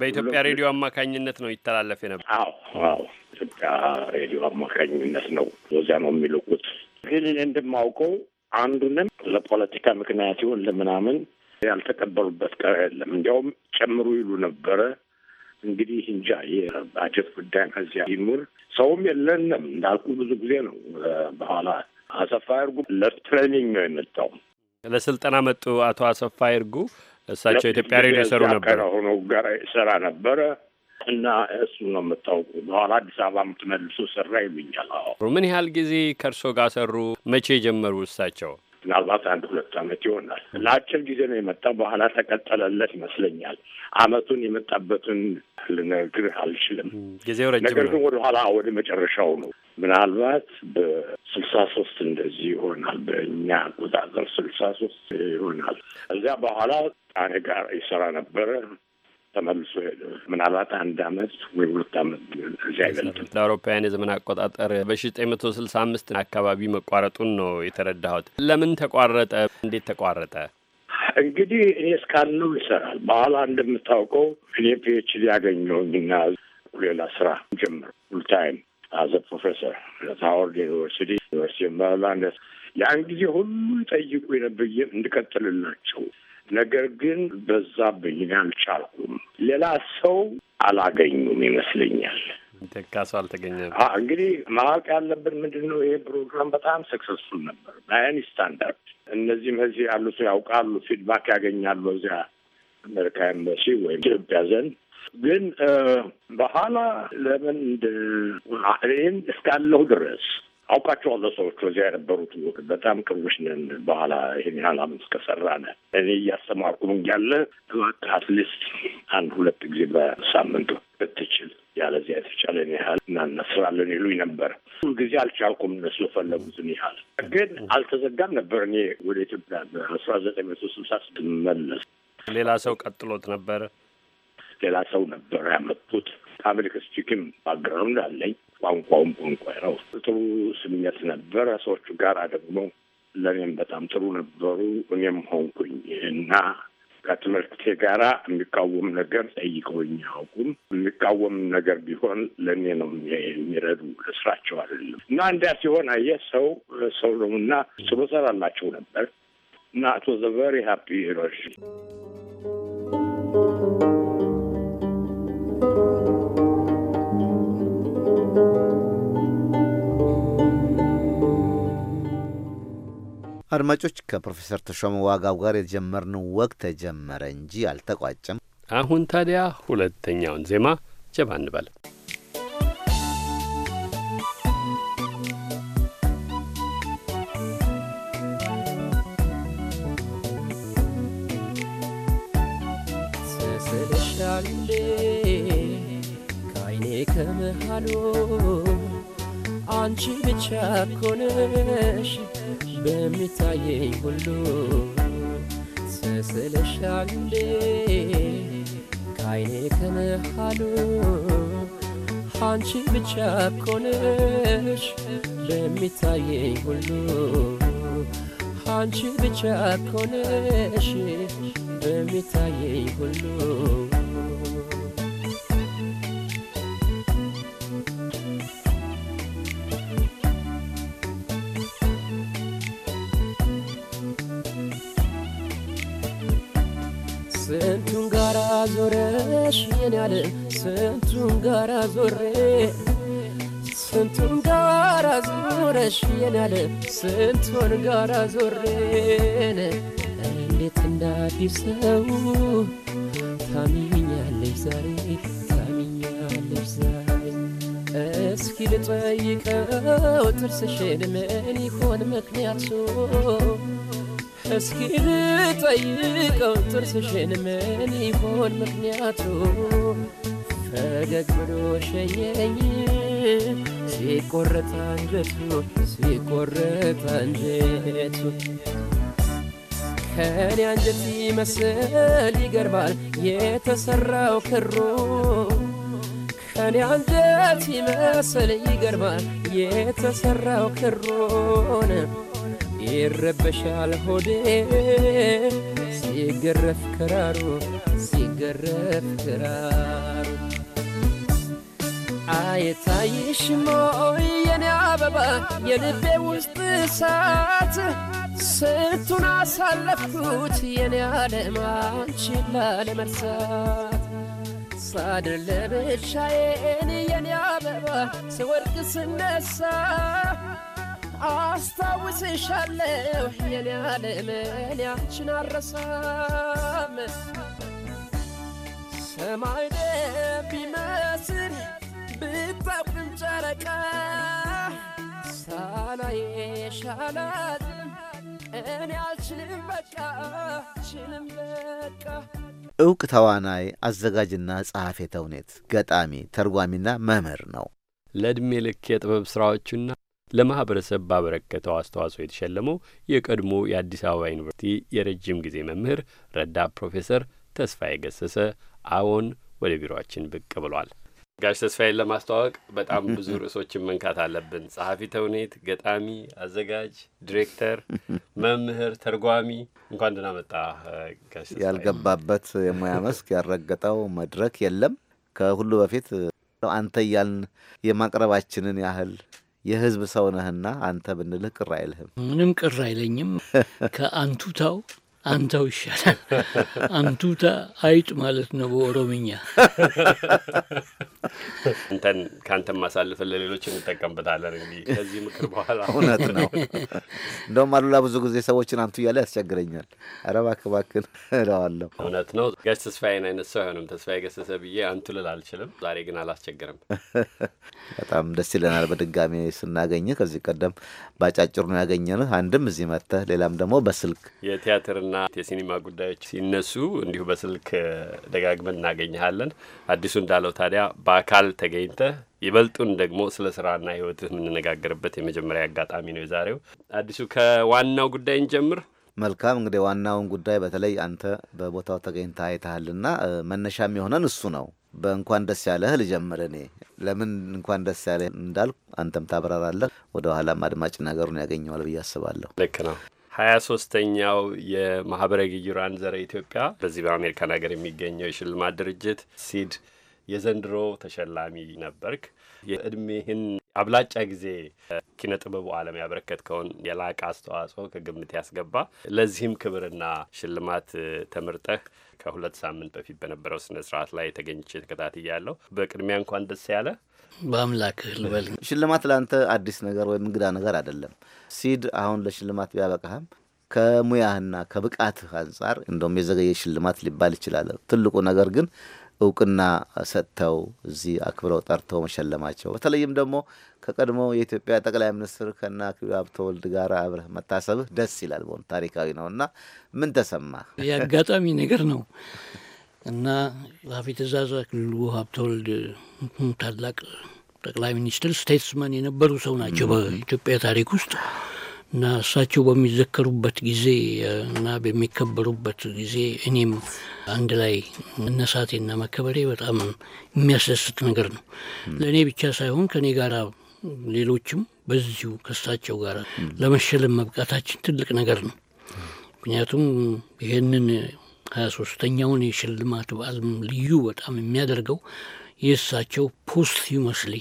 በኢትዮጵያ ሬዲዮ አማካኝነት ነው ይተላለፍ ነበር። አዎ አዎ፣ ኢትዮጵያ ሬዲዮ አማካኝነት ነው። ወዚያ ነው የሚልቁት። ግን እኔ እንደማውቀው አንዱንም ለፖለቲካ ምክንያት ይሁን ለምናምን ያልተቀበሉበት ቀር የለም። እንዲያውም ጨምሩ ይሉ ነበረ። እንግዲህ እንጃ የባጀት ጉዳይ ከዚያ ይኑር ሰውም የለንም እንዳልኩ ብዙ ጊዜ ነው። በኋላ አሰፋ ያርጉ ለትሬኒንግ ነው የመጣው ለስልጠና መጡ አቶ አሰፋ ይርጉ። እሳቸው ኢትዮጵያ ሬዲዮ ሰሩ ነበር፣ ሆኖ ጋር ሰራ ነበረ እና እሱ ነው የምታውቁ። በኋላ አዲስ አበባ የምትመልሱ ስራ ይሉኛል። አዎ። ምን ያህል ጊዜ ከእርሶ ጋር ሰሩ? መቼ ጀመሩ እሳቸው? ምናልባት አንድ ሁለት አመት ይሆናል። ለአጭር ጊዜ ነው የመጣው፣ በኋላ ተቀጠለለት ይመስለኛል። አመቱን የመጣበትን ልነግርህ አልችልም። ጊዜው ረጅም ነው። ነገር ግን ወደኋላ ወደ መጨረሻው ነው። ምናልባት በስልሳ ሶስት እንደዚህ ይሆናል፣ በእኛ አቆጣጠር ስልሳ ሶስት ይሆናል። እዚያ በኋላ ጣኔ ጋር ይሰራ ነበረ ተመልሶ ምናልባት አንድ አመት ወይ ሁለት አመት እዚያ አይበልጥም። ለአውሮፓውያን የዘመን አቆጣጠር መቶ ስልሳ አምስት አካባቢ መቋረጡን ነው የተረዳሁት። ለምን ተቋረጠ? እንዴት ተቋረጠ? እንግዲህ እኔ እስካለው ይሰራል። በኋላ እንደምታውቀው እኔ ፒኤችዲ ያገኘውኝና ሌላ ስራ ጀምር ፉልታይም አዘ ፕሮፌሰር ሃዋርድ ዩኒቨርሲቲ ዩኒቨርሲቲ ሜሪላንድ ያን ጊዜ ሁሉ ይጠይቁ የነበር እንድቀጥልላቸው ነገር ግን በዛብኝ አልቻልኩም። ሌላ ሰው አላገኙም ይመስለኛል። ደጋ ሰው አልተገኘም። እንግዲህ ማወቅ ያለብን ምንድን ነው፣ ይሄ ፕሮግራም በጣም ሰክሰስፉል ነበር በአይን ስታንዳርድ። እነዚህም እዚህ ያሉት ያውቃሉ፣ ፊድባክ ያገኛሉ እዚያ አሜሪካ ኤምባሲ ወይም ኢትዮጵያ ዘንድ ግን በኋላ ለምን እኔም እስካለሁ ድረስ አውቃቸዋለሁ ሰዎቹ እዚያ የነበሩት በጣም ቅርቦች ነን። በኋላ ይህን ያህል አመት ነ እኔ እያስተማርኩም እያለ እባክህ አትሊስት አንድ ሁለት ጊዜ በሳምንቱ ብትችል ያለዚያ የተቻለን ያህል እናነስራለን ይሉኝ ነበር። ሁልጊዜ አልቻልኩም። እነሱ የፈለጉትን ያህል ግን አልተዘጋም ነበር። እኔ ወደ ኢትዮጵያ በአስራ ዘጠኝ መቶ ስልሳ ስትመለስ ሌላ ሰው ቀጥሎት ነበር። ሌላ ሰው ነበር ያመጡት አሜሪካ ስቲክም ባግራውንድ እንዳለኝ ቋንቋውም ቋንቋ ነው። ጥሩ ስምኘት ነበረ። ሰዎቹ ጋር ደግሞ ለእኔም በጣም ጥሩ ነበሩ። እኔም ሆንኩኝ እና ከትምህርቴ ጋራ የሚቃወም ነገር ጠይቀውኝ ያውቁም። የሚቃወም ነገር ቢሆን ለእኔ ነው የሚረዱ፣ ለስራቸው አይደለም። እና እንዲያ ሲሆን አየ ሰው ሰው ነው እና ጥሩ ሰራላቸው ነበር እና አቶ ዘ ቬሪ ሃፒ ሮሽ አድማጮች ከፕሮፌሰር ተሾመ ዋጋው ጋር የጀመርነው ወግ ተጀመረ እንጂ አልተቋጨም። አሁን ታዲያ ሁለተኛውን ዜማ ጀባ እንበል። አሉ አንቺ ብቻ ኮነሽ በሚታየኝ ሁሉ ስስልሻ አንዴ ከመሃሉ አንቺ ብቻ ኮነሽ በሚታየኝ ሁሉ አንቺ ብቻ ኮነሽ በሚታየኝ ሁሉ ዞረሽ የኔ ያለ ስንቱን ጋራ ዞሬ ስንቱን ጋራ ዞረሽ የኔ ያለ ስንቱን ጋራ ዞሬን እንዴት እንዳዲስ ሰው ታሚኛለሽ ዛሬ ታሚኛለሽ ዛሬ እስኪ ልጠይቀው ጥርስሽን ምን ይሆን ምክንያቱ እስኪ ልጠይቀው ጥርስሽን ምን ይሆን ምክንያቱ? ፈገግ ብሎ ሸኘኝ ሲቆረጥ አንጀቱ ሲቆረጥ አንጀቱ ከኔ አንጀት ይመስል ይገርባል የተሰራው ክሩ ከኔ አንጀት ይመስል ይገርባል የተሰራው ክሩን ይረበሻል ሆዴ ሲገረፍ ክራሩ ሲገረፍ ክራሩ ሞይ የኔ አበባ የልቤ ውስጥ እሳት ስንቱን አሳለፍኩት የኔ ዓለም አንቺን ላለመርሳት ሳድር ለብቻዬን የኔ አበባ ስወርቅ ስነሳ አስታውስሻለሁ የኔ ዓለም እኔ አንቺን አረሳም ሰማይ ቢመስል ጨረቃ ሳላየሽ እኔ አልችልም በቃ አልችልም በቃ። እውቅ ተዋናይ፣ አዘጋጅና ጸሐፌ ተውኔት፣ ገጣሚ፣ ተርጓሚና መምህር ነው። ለዕድሜ ልክ የጥበብ ሥራዎቹና ለማህበረሰብ ባበረከተው አስተዋጽኦ የተሸለመው የቀድሞ የአዲስ አበባ ዩኒቨርሲቲ የረጅም ጊዜ መምህር ረዳ ፕሮፌሰር ተስፋዬ ገሰሰ አዎን ወደ ቢሮችን ብቅ ብሏል። ጋሽ ተስፋዬን ለማስተዋወቅ በጣም ብዙ ርዕሶችን መንካት አለብን። ጸሐፊ ተውኔት፣ ገጣሚ፣ አዘጋጅ፣ ዲሬክተር፣ መምህር፣ ተርጓሚ። እንኳን ደህና መጣ ጋሽ ያልገባበት የሙያ መስክ ያልረገጠው መድረክ የለም። ከሁሉ በፊት አንተ እያልን የማቅረባችንን ያህል የህዝብ ሰው ነህና አንተ ብንልህ ቅር አይልህም? ምንም ቅር አይለኝም። ከአንቱታው አንተው ይሻላል። አንቱታ አይጥ ማለት ነው በኦሮምኛ። አንተን ከአንተም ማሳልፈን ለሌሎች እንጠቀምበታለን። እንግዲህ ከዚህ ምክር በኋላ እውነት ነው። እንደውም አሉላ ብዙ ጊዜ ሰዎችን አንቱ እያለ ያስቸግረኛል። ኧረ እባክህ እባክህን እለዋለሁ። እውነት ነው። ጋሽ ተስፋዬን አይነት ሰው አይሆንም። ተስፋዬ ገሰሰ ብዬ አንቱ ልል አልችልም። ዛሬ ግን አላስቸግርም። በጣም ደስ ይለናል በድጋሚ ስናገኝህ። ከዚህ ቀደም ባጫጭሩ ነው ያገኘንህ። አንድም እዚህ መጥተህ ሌላም ደግሞ በስልክ የቲያትርና የሙዚቃና የሲኒማ ጉዳዮች ሲነሱ እንዲሁ በስልክ ደጋግመን እናገኘሃለን። አዲሱ እንዳለው ታዲያ በአካል ተገኝተ ይበልጡን ደግሞ ስለ ስራና ህይወትህ የምንነጋገርበት የመጀመሪያ አጋጣሚ ነው የዛሬው። አዲሱ ከዋናው ጉዳይን ጀምር። መልካም እንግዲህ ዋናውን ጉዳይ በተለይ አንተ በቦታው ተገኝተህ አይተሃልና መነሻ የሚሆነን እሱ ነው። በእንኳን ደስ ያለህ ልጀምር። እኔ ለምን እንኳን ደስ ያለህ እንዳልኩ አንተም ታብራራለህ። ወደ ኋላም አድማጭ ነገሩን ያገኘዋል ብዬ አስባለሁ። ልክ ነው። ሀያ ሶስተኛው የማህበረ ግዩራን ዘረ ኢትዮጵያ በዚህ በአሜሪካን ሀገር የሚገኘው የሽልማት ድርጅት ሲድ የዘንድሮ ተሸላሚ ነበርክ። የእድሜህን አብላጫ ጊዜ ኪነ ጥበቡ ዓለም ያበረከትከውን የላቀ አስተዋጽኦ ከግምት ያስገባ ለዚህም ክብርና ሽልማት ተመርጠህ ከሁለት ሳምንት በፊት በነበረው ስነ ስርዓት ላይ ተገኝቼ ተከታትያለሁ። በቅድሚያ እንኳን ደስ ያለ በአምላክህ ልበል። ሽልማት ለአንተ አዲስ ነገር ወይም እንግዳ ነገር አይደለም። ሲድ አሁን ለሽልማት ቢያበቃህም ከሙያህና ከብቃትህ አንጻር እንደውም የዘገየ ሽልማት ሊባል ይችላል። ትልቁ ነገር ግን እውቅና ሰጥተው እዚህ አክብረው ጠርተው መሸለማቸው፣ በተለይም ደግሞ ከቀድሞ የኢትዮጵያ ጠቅላይ ሚኒስትር ከነ አክሊሉ ሀብተወልድ ጋር አብረህ መታሰብህ ደስ ይላል። በሆን ታሪካዊ ነው እና ምን ተሰማ? የአጋጣሚ ነገር ነው እና ጸሐፊ ትእዛዝ አክሊሉ ሀብተወልድ ታላቅ ጠቅላይ ሚኒስትር ስቴትስመን የነበሩ ሰው ናቸው በኢትዮጵያ ታሪክ ውስጥ እና እሳቸው በሚዘከሩበት ጊዜ እና በሚከበሩበት ጊዜ እኔም አንድ ላይ መነሳቴና መከበሬ በጣም የሚያስደስት ነገር ነው። ለእኔ ብቻ ሳይሆን ከእኔ ጋር ሌሎችም በዚሁ ከእሳቸው ጋር ለመሸለም መብቃታችን ትልቅ ነገር ነው። ምክንያቱም ይህንን ሀያ ሶስተኛውን የሽልማት በዓልም ልዩ በጣም የሚያደርገው የእሳቸው ፖስት ይመስሊ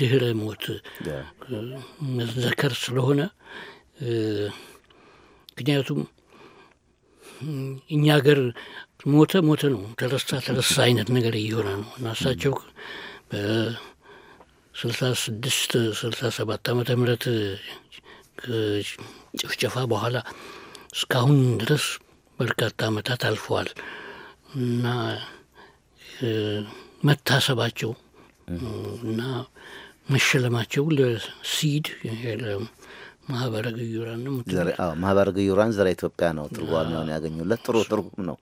ድህረ ሞት መዘከር ስለሆነ ምክንያቱም እኛ ሀገር ሞተ ሞተ ነው፣ ተረሳ ተረሳ አይነት ነገር እየሆነ ነው እና እሳቸው በስልሳ ስድስት ስልሳ ሰባት ዓመተ ምህረት ጭፍጨፋ በኋላ እስካሁን ድረስ በርካታ ዓመታት አልፈዋል እና መታሰባቸው እና መሸለማቸው ለሲድ ማህበረ ግዩራን ማህበረ ግዩራን ዘራ ኢትዮጵያ ነው ትርጓሜውን ያገኙለት። ጥሩ ጥሩ ነው።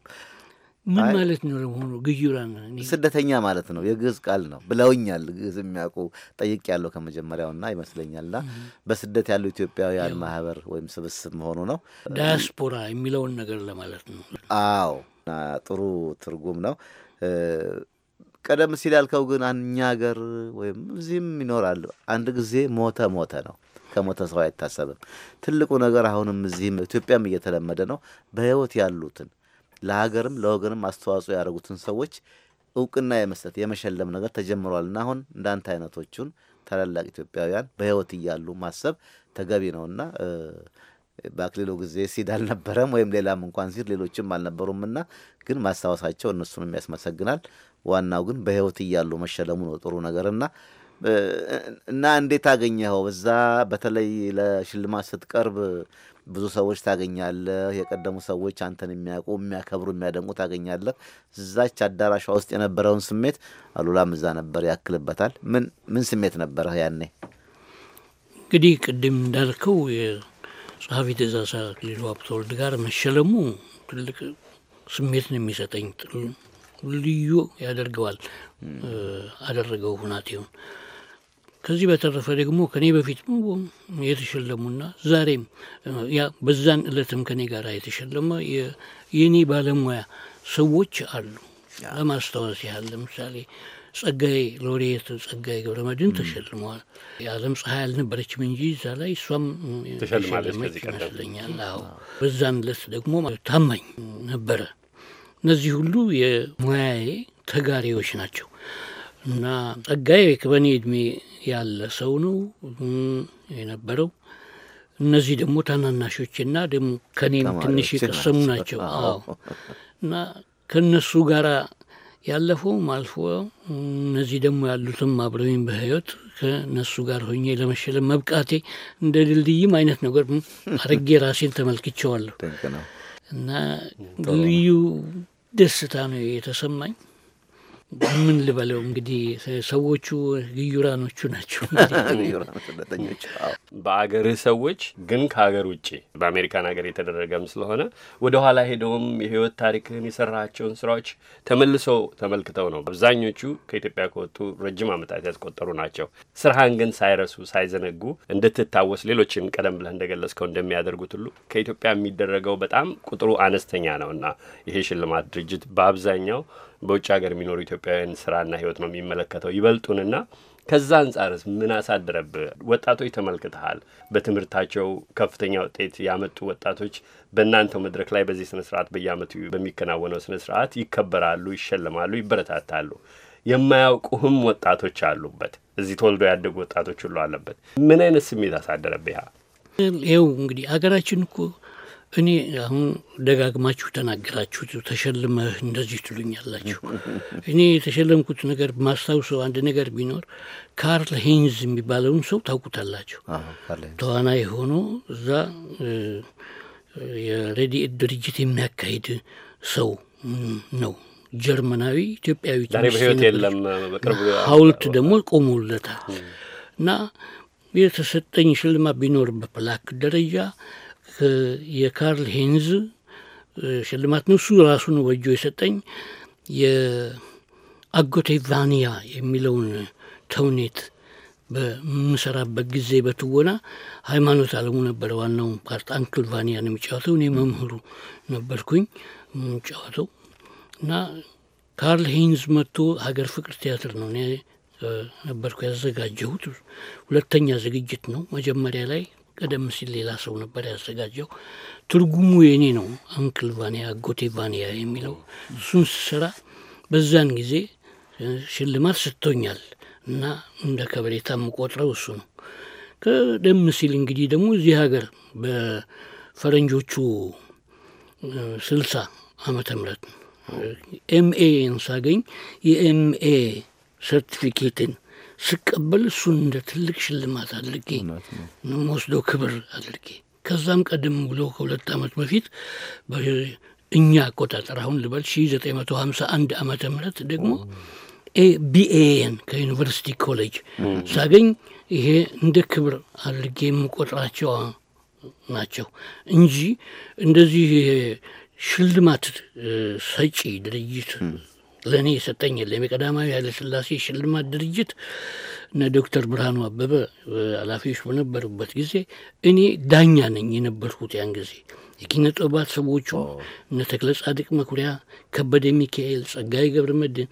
ምን ማለት ነው ለመሆኑ? ግዩራን ስደተኛ ማለት ነው፣ የግዕዝ ቃል ነው ብለውኛል። ግዕዝ የሚያውቁ ጠይቅ ያለው ከመጀመሪያውና ይመስለኛልና በስደት ያሉ ኢትዮጵያውያን ማህበር ወይም ስብስብ መሆኑ ነው። ዳያስፖራ የሚለውን ነገር ለማለት ነው። አዎ፣ ጥሩ ትርጉም ነው። ቀደም ሲል ያልከው ግን እኛ ሀገር ወይም እዚህም ይኖራል። አንድ ጊዜ ሞተ ሞተ ነው። ከሞተ ሰው አይታሰብም። ትልቁ ነገር አሁንም እዚህም ኢትዮጵያም እየተለመደ ነው በህይወት ያሉትን ለሀገርም ለወገንም አስተዋጽኦ ያደረጉትን ሰዎች እውቅና የመስጠት የመሸለም ነገር ተጀምሯልና አሁን እንዳንተ አይነቶቹን ታላላቅ ኢትዮጵያውያን በህይወት እያሉ ማሰብ ተገቢ ነውና በአክሊሉ ጊዜ ሲድ አልነበረም ወይም ሌላም እንኳን ሲድ ሌሎችም አልነበሩምና ግን ማስታወሳቸው እነሱንም ያስመሰግናል። ዋናው ግን በህይወት እያሉ መሸለሙ ነው ጥሩ ነገርና እና እንዴት አገኘኸው? በዛ በተለይ ለሽልማት ስትቀርብ ብዙ ሰዎች ታገኛለህ። የቀደሙ ሰዎች አንተን የሚያውቁ የሚያከብሩ፣ የሚያደንቁ ታገኛለህ። እዛች አዳራሿ ውስጥ የነበረውን ስሜት አሉላም እዛ ነበር ያክልበታል። ምን ምን ስሜት ነበረ ያኔ? እንግዲህ ቅድም እንዳልከው የጸሐፊ ትእዛዝ አክሊሉ ሀብተወልድ ጋር መሸለሙ ትልቅ ስሜት ነው የሚሰጠኝ። ልዩ ያደርገዋል። አደረገው ሁናቴውን ከዚህ በተረፈ ደግሞ ከኔ በፊትም የተሸለሙና ዛሬም ያ በዛን እለትም ከኔ ጋር የተሸለመ የኔ ባለሙያ ሰዎች አሉ። ለማስታወስ ያህል ለምሳሌ ጸጋዬ ሎሬት ጸጋዬ ገብረ መድን ተሸልመዋል። የዓለም ፀሐይ አልነበረችም እንጂ እዛ ላይ እሷም ተሸልማለች ይመስለኛል። አዎ በዛን እለት ደግሞ ታማኝ ነበረ። እነዚህ ሁሉ የሙያዬ ተጋሪዎች ናቸው እና ጸጋዬ ከበኔ እድሜ ያለ ሰው ነው የነበረው። እነዚህ ደግሞ ታናናሾችና ደግሞ ከኔም ትንሽ የቀሰሙ ናቸው። አዎ እና ከእነሱ ጋር ያለፈውም አልፎ እነዚህ ደግሞ ያሉትም አብረውኝ በህይወት ከነሱ ጋር ሆኜ ለመሸለም መብቃቴ እንደ ድልድይም አይነት ነገር አድርጌ ራሴን ተመልክቼዋለሁ እና ልዩ ደስታ ነው የተሰማኝ። ምን ልበለው እንግዲህ ሰዎቹ ግዩራኖቹ ናቸው። ስደተኞች በአገርህ ሰዎች ግን ከሀገር ውጭ በአሜሪካን ሀገር የተደረገም ስለሆነ ወደኋላ ሄደውም የህይወት ታሪክህን የሰራቸውን ስራዎች ተመልሰው ተመልክተው ነው። አብዛኞቹ ከኢትዮጵያ ከወጡ ረጅም ዓመታት ያስቆጠሩ ናቸው። ስራህን ግን ሳይረሱ ሳይዘነጉ እንድትታወስ ሌሎችን ቀደም ብለህ እንደገለጽከው እንደሚያደርጉት ሁሉ ከኢትዮጵያ የሚደረገው በጣም ቁጥሩ አነስተኛ ነውና ይሄ ሽልማት ድርጅት በአብዛኛው በውጭ ሀገር የሚኖሩ ኢትዮጵያውያን ስራና ህይወት ነው የሚመለከተው ይበልጡንና ከዛ አንጻርስ ምን አሳድረብ ወጣቶች ተመልክተሃል። በትምህርታቸው ከፍተኛ ውጤት ያመጡ ወጣቶች በእናንተው መድረክ ላይ በዚህ ስነ ስርዓት በየአመቱ በሚከናወነው ስነ ስርዓት ይከበራሉ፣ ይሸለማሉ ይበረታታሉ። የማያውቁህም ወጣቶች አሉበት። እዚህ ተወልዶ ያደጉ ወጣቶች ሁሉ አለበት። ምን አይነት ስሜት አሳደረብ ይኸው እንግዲህ አገራችን እኮ እኔ አሁን ደጋግማችሁ ተናገራችሁት፣ ተሸልመህ እንደዚህ ትሉኛላችሁ። እኔ የተሸለምኩት ነገር ማስታውሰው አንድ ነገር ቢኖር ካርል ሄንዝ የሚባለውን ሰው ታውቁታላችሁ። ተዋናይ ሆኖ እዛ የሬዲኤት ድርጅት የሚያካሂድ ሰው ነው። ጀርመናዊ ኢትዮጵያዊ ሐውልት ደግሞ ቆሞለታል እና የተሰጠኝ ሽልማት ቢኖር በፕላክ ደረጃ የካርል ሄንዝ ሽልማት ነው። እሱ ራሱን ወጆ የሰጠኝ የአጎቴ ቫኒያ የሚለውን ተውኔት በምሰራበት ጊዜ በትወና ሃይማኖት አለሙ ነበረ ዋናው ፓርት አንክል ቫኒያ ነው የሚጫወተው። እኔ መምህሩ ነበርኩኝ የምጫወተው እና ካርል ሄንዝ መጥቶ ሀገር ፍቅር ቲያትር ነው እኔ ነበርኩ ያዘጋጀሁት። ሁለተኛ ዝግጅት ነው መጀመሪያ ላይ ቀደም ሲል ሌላ ሰው ነበር ያዘጋጀው። ትርጉሙ የእኔ ነው። አንክል ቫኒያ፣ አጎቴ ቫኒያ የሚለው እሱን ስሰራ በዛን ጊዜ ሽልማት ስቶኛል እና እንደ ከበሬታ የምቆጥረው እሱ ነው። ቀደም ሲል እንግዲህ ደግሞ እዚህ ሀገር በፈረንጆቹ ስልሳ አመተ ምህረት ኤምኤን ሳገኝ የኤምኤ ሰርቲፊኬትን ስቀበል እሱን እንደ ትልቅ ሽልማት አድርጌ ወስደው ክብር አድርጌ ከዛም ቀደም ብሎ ከሁለት ዓመት በፊት እኛ አቆጣጠር አሁን ልበል 951 ዓመተ ምህረት ደግሞ ቢኤን ከዩኒቨርሲቲ ኮሌጅ ሳገኝ ይሄ እንደ ክብር አድርጌ የምቆጥራቸው ናቸው እንጂ እንደዚህ ሽልማት ሰጪ ድርጅት ለእኔ የሰጠኝ የለም። የቀዳማዊ ኃይለሥላሴ ሽልማት ድርጅት እነ ዶክተር ብርሃኑ አበበ ኃላፊዎች በነበሩበት ጊዜ እኔ ዳኛ ነኝ የነበርኩት። ያን ጊዜ የኪነ ጥበባት ሰዎቹ እነ ተክለ ጻድቅ መኩሪያ ከበደ ሚካኤል፣ ጸጋዬ ገብረ መድኅን፣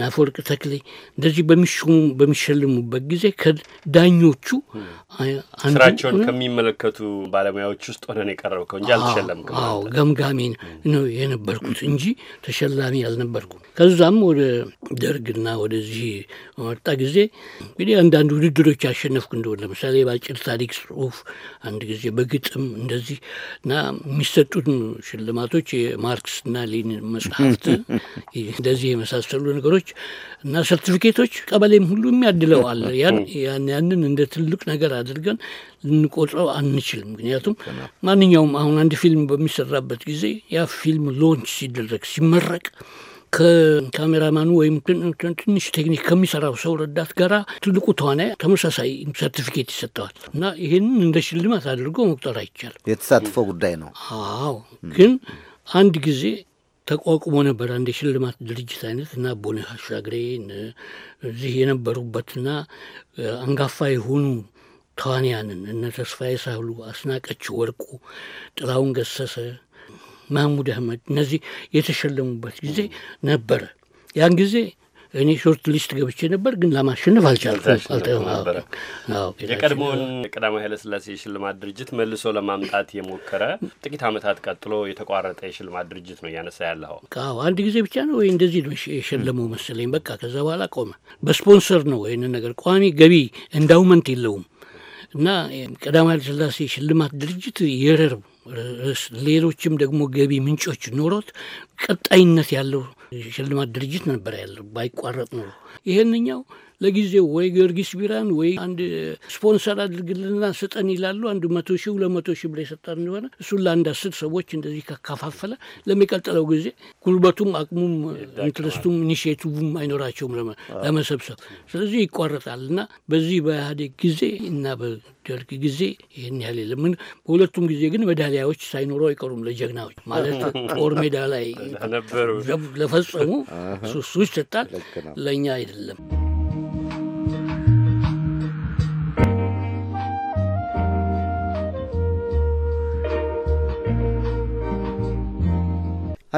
ናፈወርቅ ተክሌ እንደዚህ በሚሸልሙበት ጊዜ ከዳኞቹ ስራቸውን ከሚመለከቱ ባለሙያዎች ውስጥ ሆነን የቀረብከው እንጂ አልተሸለምክም። አዎ ገምጋሚ ነው የነበርኩት እንጂ ተሸላሚ አልነበርኩም። ከዛም ወደ ደርግና ወደዚህ መጣ ጊዜ እንግዲህ አንዳንድ ውድድሮች ያሸነፍኩ እንደሆነ ለምሳሌ በአጭር ታሪክ ጽሁፍ አንድ ጊዜ በግጥም እንደዚህ እና የሚሰጡት ሽልማቶች የማርክስና ሌኒን መጽሐፍ ትምህርት እንደዚህ የመሳሰሉ ነገሮች እና ሰርቲፊኬቶች ቀበሌም ሁሉ የሚያድለው አለ። ያንን እንደ ትልቅ ነገር አድርገን ልንቆጥረው አንችልም። ምክንያቱም ማንኛውም አሁን አንድ ፊልም በሚሰራበት ጊዜ ያ ፊልም ሎንች ሲደረግ ሲመረቅ ከካሜራማኑ ወይም ትንሽ ቴክኒክ ከሚሰራው ሰው ረዳት ጋር ትልቁ ተዋናይ ተመሳሳይ ሰርቲፊኬት ይሰጠዋል እና ይህንን እንደ ሽልማት አድርጎ መቁጠር አይቻልም። የተሳትፎ ጉዳይ ነው። አዎ ግን አንድ ጊዜ ተቋቁሞ ነበር አንድ የሽልማት ድርጅት አይነት እና ቦኔ አሻግሬ እዚህ የነበሩበትና አንጋፋ የሆኑ ተዋንያንን እነ ተስፋዬ ሳህሉ፣ አስናቀች ወርቁ፣ ጥላውን ገሰሰ፣ ማህሙድ አህመድ እነዚህ የተሸለሙበት ጊዜ ነበረ። ያን ጊዜ እኔ ሾርት ሊስት ገብቼ ነበር፣ ግን ለማሸነፍ አልቻልኩም። የቀድሞውን ቀዳማዊ የሽልማት ድርጅት መልሶ ለማምጣት የሞከረ ጥቂት ዓመታት ቀጥሎ የተቋረጠ የሽልማት ድርጅት ነው እያነሳ ያለው። አንድ ጊዜ ብቻ ነው ወይ እንደዚህ የሸለመው መሰለኝ። በቃ ከዛ በኋላ ቆመ። በስፖንሰር ነው ይህንን ነገር ቋሚ ገቢ እንዳውመንት የለውም እና ቀዳማዊ ኃይለ ሥላሴ ሽልማት ድርጅት የረር ሌሎችም ደግሞ ገቢ ምንጮች ኖሮት ቀጣይነት ያለው ሽልማት ድርጅት ነበር ያለው ባይቋረጥ ኖሮ ይህንኛው ለጊዜው ወይ ጊዮርጊስ ቢራን ወይ አንድ ስፖንሰር አድርግልና ስጠን ይላሉ። አንድ መቶ ሺ ሁለት መቶ ሺህ ብላ የሰጠን እንደሆነ እሱን ለአንድ አስር ሰዎች እንደዚህ ከካፋፈለ ለሚቀጥለው ጊዜ ጉልበቱም አቅሙም ኢንትረስቱም ኢኒሽቲቭም አይኖራቸውም ለመሰብሰብ። ስለዚህ ይቋረጣል እና በዚህ በኢህአዴግ ጊዜ እና በደርግ ጊዜ ይህን ያህል የለም። በሁለቱም ጊዜ ግን ሜዳሊያዎች ሳይኖሩ አይቀሩም ለጀግናዎች ማለት ጦር ሜዳ ላይ ለፈጸሙ እሱ ይሰጣል፣ ለእኛ አይደለም።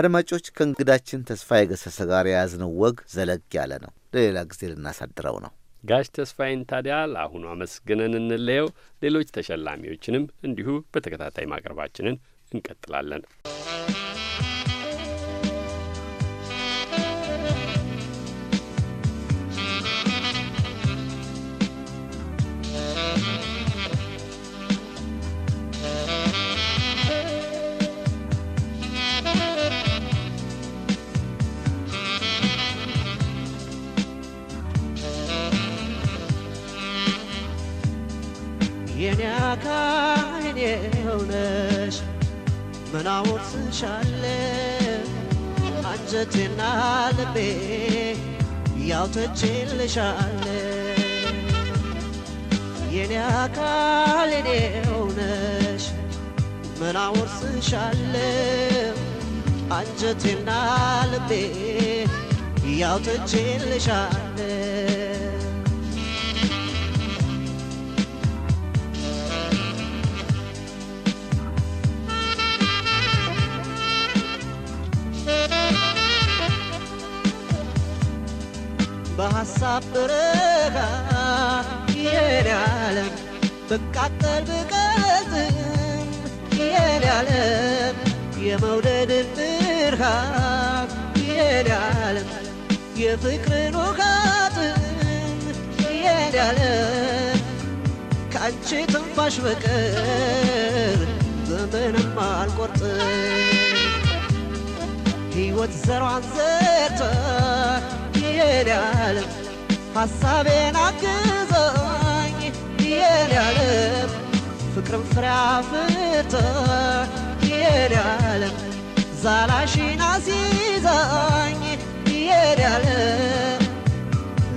አድማጮች ከእንግዳችን ተስፋ የገሰሰ ጋር የያዝነው ወግ ዘለግ ያለ ነው። ለሌላ ጊዜ ልናሳድረው ነው። ጋሽ ተስፋዬን ታዲያ ለአሁኑ አመስግነን እንለየው። ሌሎች ተሸላሚዎችንም እንዲሁ በተከታታይ ማቅረባችንን እንቀጥላለን። የኔ አካል የኔ ሆነሽ ምናወትሻለ አንጀቴና ልቤ ያውተችልሻለ የኔ አካል የኔ ሆነሽ ምናወርስሻለ አንጀቴና ልቤ ያውተችልሻለ በሐሳብ በረካ የኔ ዓለም ብቃጠል ብቀዝም የኔ ዓለም የመውደድን ብርሃን የኔ ዓለም የፍቅርን ውቃጥም የኔ ዓለም ከአንቺ ትንፋሽ በቀር ዘመንም አልቆርጥም ሕይወት ዘሯን ዘርታ የኔ ዓለም ሐሳቤን አግዘኝ የኔ ዓለም ፍቅርም ፍሬ አፍርቶ የኔ ዓለም ዛላሽን አስይዘኝ የኔ ዓለም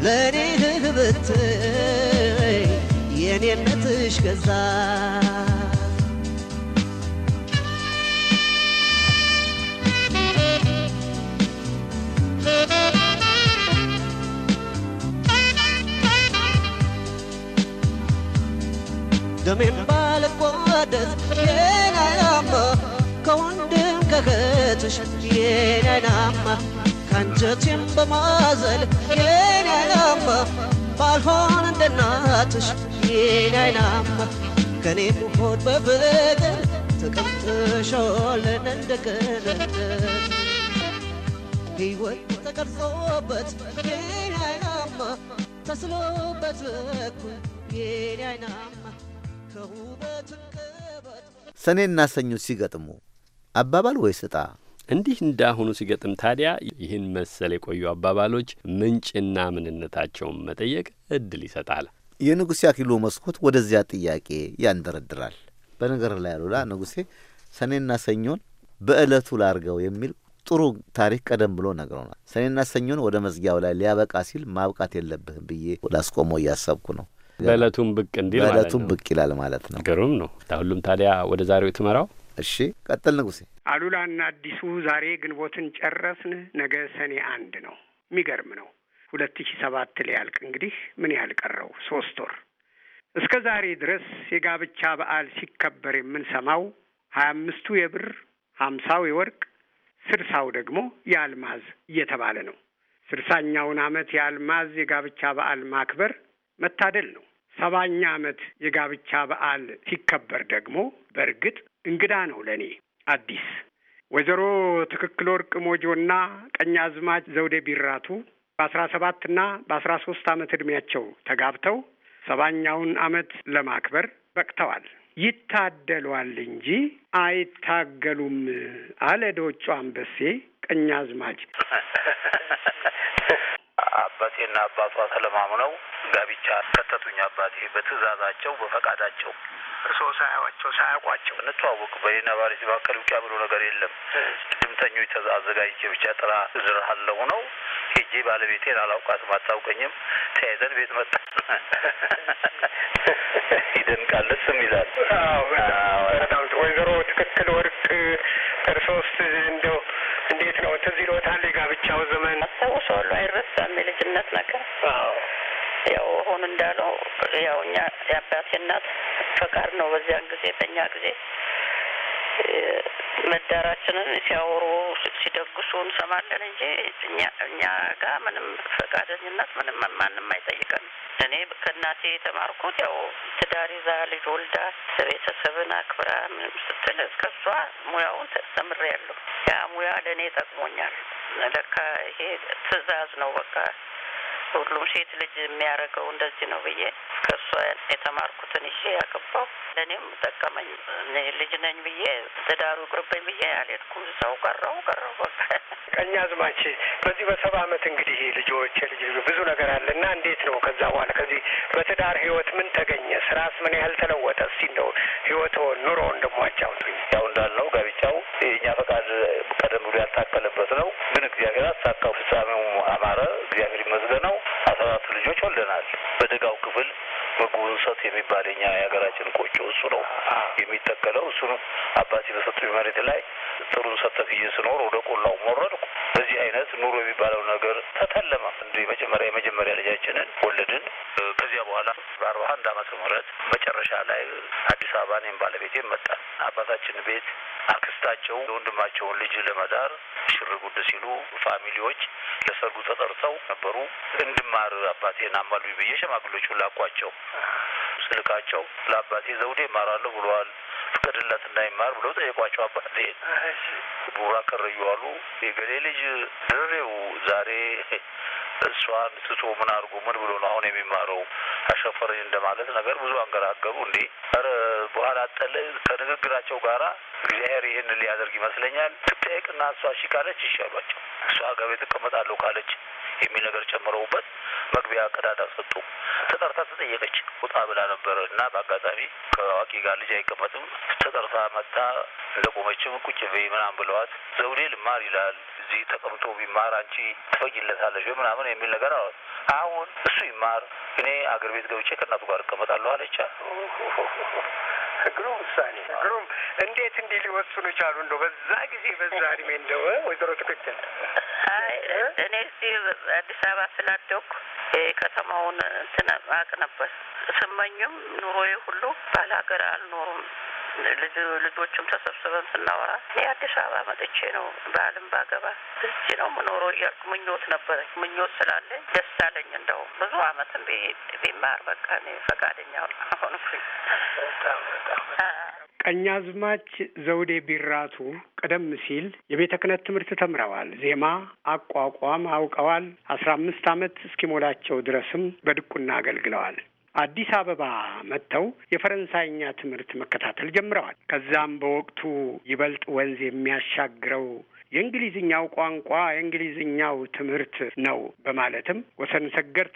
ለእኔ ብትይ የኔነትሽ ገዛ Thank you. ደሜን ባልቋደስ የናናማ ከወንድም ከእህትሽ የናናማ ናማ ከአንጀቴም በማዘል የኔ ባልሆን እንደናትሽ የናናማ ከኔ ብሆን በፍቅር ተቀምጥሾለን እንደ ቅርብ ሕይወት ተቀርጾበት የኔ ተስሎበት በኩል የኔ ሰኔና ሰኞ ሲገጥሙ አባባል ወይ ስጣ እንዲህ እንዳሁኑ ሲገጥም ታዲያ ይህን መሰል የቆዩ አባባሎች ምንጭና ምንነታቸውን መጠየቅ እድል ይሰጣል። የንጉሴ አክሊሉ መስኮት ወደዚያ ጥያቄ ያንደረድራል። በነገር ላይ አሉላ ንጉሴ ሰኔና ሰኞን በዕለቱ ላርገው የሚል ጥሩ ታሪክ ቀደም ብሎ ነግሮናል። ሰኔና ሰኞን ወደ መዝጊያው ላይ ሊያበቃ ሲል ማብቃት የለብህም ብዬ አስቆሞ እያሰብኩ ነው። በእለቱም ብቅ እንዲል በእለቱም ብቅ ይላል ማለት ነው። ግሩም ነው። ሁሉም ታዲያ ወደ ዛሬው ትመራው። እሺ ቀጥል ንጉሴ። አሉላና አዲሱ ዛሬ ግንቦትን ጨረስን። ነገ ሰኔ አንድ ነው። የሚገርም ነው። ሁለት ሺ ሰባት ሊያልቅ እንግዲህ ምን ያህል ቀረው? ሶስት ወር። እስከ ዛሬ ድረስ የጋብቻ በዓል ሲከበር የምንሰማው ሀያ አምስቱ የብር ሀምሳው የወርቅ ስድሳው ደግሞ የአልማዝ እየተባለ ነው። ስድሳኛውን ዓመት የአልማዝ የጋብቻ በዓል ማክበር መታደል ነው። ሰባኛ ዓመት የጋብቻ በዓል ሲከበር ደግሞ በእርግጥ እንግዳ ነው ለእኔ አዲስ። ወይዘሮ ትክክል ወርቅ ሞጆና አዝማጅ ዘውዴ ቢራቱ በአስራ ሰባትና በአስራ ሶስት ዓመት ዕድሜያቸው ተጋብተው ሰባኛውን ዓመት ለማክበር በቅተዋል። ይታደሏል እንጂ አይታገሉም አለ ዶጮ አንበሴ ቀኛዝማች አባቴና አባቷ ተለማምነው ብቻ አስከተቱኝ አባቴ በትእዛዛቸው በፈቃዳቸው እርስዎ ሳያዋቸው ሳያውቋቸው እንተዋወቅ በኔና ባሪት መካከል ብቻ ብሎ ነገር የለም። ድምተኞች አዘጋጅቼ ብቻ ጥራ እዝርሃለሁ ነው ሄጄ ባለቤቴን አላውቃትም አታውቀኝም። ተያይዘን ቤት መጣ። ይደንቃል፣ ደስም ይላል። ወይዘሮ ትክክል ወርቅ እርሶስ እንደው እንዴት ነው ትዝ ይልዎታል የጋብቻው ዘመን? አስታውሰዋለሁ፣ አይረሳም የልጅነት ነገር ያው አሁን እንዳለው ያው እኛ የአባቴ እናት ፈቃድ ነው። በዚያን ጊዜ በእኛ ጊዜ መዳራችንን ሲያወሩ ሲደግሱ እንሰማለን እንጂ እኛ ጋር ምንም ፈቃደኝነት ምንም ማንም አይጠይቀን እኔ ከእናቴ የተማርኩት ያው ትዳር ይዛ ልጅ ወልዳ ቤተሰብን አክብራ ምንም ስትል እስከ እሷ ሙያውን ተምሬያለሁ። ያ ሙያ ለእኔ ጠቅሞኛል። ለካ ይሄ ትዕዛዝ ነው በቃ ሁሉ ሴት ልጅ የሚያደርገው እንደዚህ ነው ብዬ ከእሷ የተማርኩትን ይዤ ያገባው ለእኔም ጠቀመኝ። እኔ ልጅ ነኝ ብዬ ትዳሩ ቅርበኝ ብዬ አልሄድኩም። ሰው ቀረው ቀረው በቃ ቀኛዝማች በዚህ በሰባ አመት እንግዲህ ልጆች ልጅ ብዙ ነገር አለ እና እንዴት ነው ከዛ በኋላ ከዚህ በትዳር ህይወት ምን ተገኘ? ስራስ ምን ያህል ተለወጠ? እስቲ እንደው ህይወቶ ኑሮ እንደሟጫውቱኝ ያው እንዳልነው ጋብቻው የእኛ ፈቃድ ቀደም ብሎ ያታከለበት ነው። ግን እግዚአብሔር አሳካው፣ ፍጻሜው አማረ። እግዚአብሔር ይመስገነው። አስራ አራት ልጆች ወልደናል። በደጋው ክፍል ምግቡ እንሰት የሚባል የኛ የሀገራችን ቆጮ እሱ ነው የሚተከለው። እሱን አባቴ በሰጡኝ መሬት ላይ ጥሩ እንሰት ተክዬ ስኖር ወደ ቆላው ሞረድኩ በዚህ አይነት ኑሮ የሚባለው ነገር ተተለመ። እንዲ መጀመሪያ የመጀመሪያ ልጃችንን ወለድን። ከዚያ በኋላ በአርባ አንድ አመት ምህረት መጨረሻ ላይ አዲስ አበባ እኔም ባለቤቴም መጣ አባታችን ቤት አክስታቸው ወንድማቸውን ልጅ ለመዳር ሽር ጉድ ሲሉ ፋሚሊዎች ለሰርጉ ተጠርተው ነበሩ። እንድማር አባቴን አማሉ ብዬ ሸማግሎቹን ላኳቸው። ስልካቸው ለአባቴ ዘውዴ ይማራለሁ ብለዋል ፍቀድለት ይማር ብለው ጠየቋቸው። አባቴ ቡራ ከረዩ አሉ የገሌ ልጅ ድሬው ዛሬ እሷን ስቶ ምን አድርጎ ምን ብሎ ነው አሁን የሚማረው አሸፈረኝ እንደማለት ነገር ብዙ አንገራገሩ። እንዴ ረ በኋላ ጠለ ከንግግራቸው ጋራ እግዚአብሔር ይህን ሊያደርግ ይመስለኛል። ትጠየቅና እሷ እሺ ካለች ይሻሏቸው፣ እሷ ገቤ ትቀመጣለሁ ካለች የሚል ነገር ጨምረውበት መግቢያ ቀዳዳ ሰጡ። ተጠርታ ተጠየቀች። ውጣ ብላ ነበር እና በአጋጣሚ ከአዋቂ ጋር ልጅ አይቀመጥም ተጠርታ መታ እንደቆመችም ቁጭ በይ ምናምን ብለዋት ዘውዴ ልማር ይላል እዚህ ተቀምጦ ቢማር አንቺ ትፈይለታለሽ ምናምን የሚል ነገር አሉ አሁን እሱ ይማር እኔ አገር ቤት ገብቼ ከእናቱ ጋር እቀመጣለሁ አለቻ። ግሩም ውሳኔ፣ ግሩም እንዴት እንዲህ ሊወስኑ ቻሉ? እንደው በዛ ጊዜ በዛ እድሜ እንደው ወይዘሮ ትክክል አይ እኔ እዚህ አዲስ አበባ ስላደኩ የከተማውን እንትን አቅ ነበር። ስመኝም ኑሮዬ ሁሉ ባለ ሀገር አልኖሩም። ልጆቹም ተሰብስበን ስናወራ እኔ አዲስ አበባ መጥቼ ነው በዓልም ባገባ እዚህ ነው ምኖሮ እያልኩ ምኞት ነበረኝ። ምኞት ስላለኝ ደስ አለኝ። እንደውም ብዙ አመትም ቢማር በቃ ፈቃደኛ ሆንኩኝ። ቀኛዝማች ዘውዴ ቢራቱ ቀደም ሲል የቤተ ክህነት ትምህርት ተምረዋል። ዜማ አቋቋም አውቀዋል። አስራ አምስት ዓመት እስኪሞላቸው ድረስም በድቁና አገልግለዋል። አዲስ አበባ መጥተው የፈረንሳይኛ ትምህርት መከታተል ጀምረዋል። ከዛም በወቅቱ ይበልጥ ወንዝ የሚያሻግረው የእንግሊዝኛው ቋንቋ የእንግሊዝኛው ትምህርት ነው በማለትም ወሰን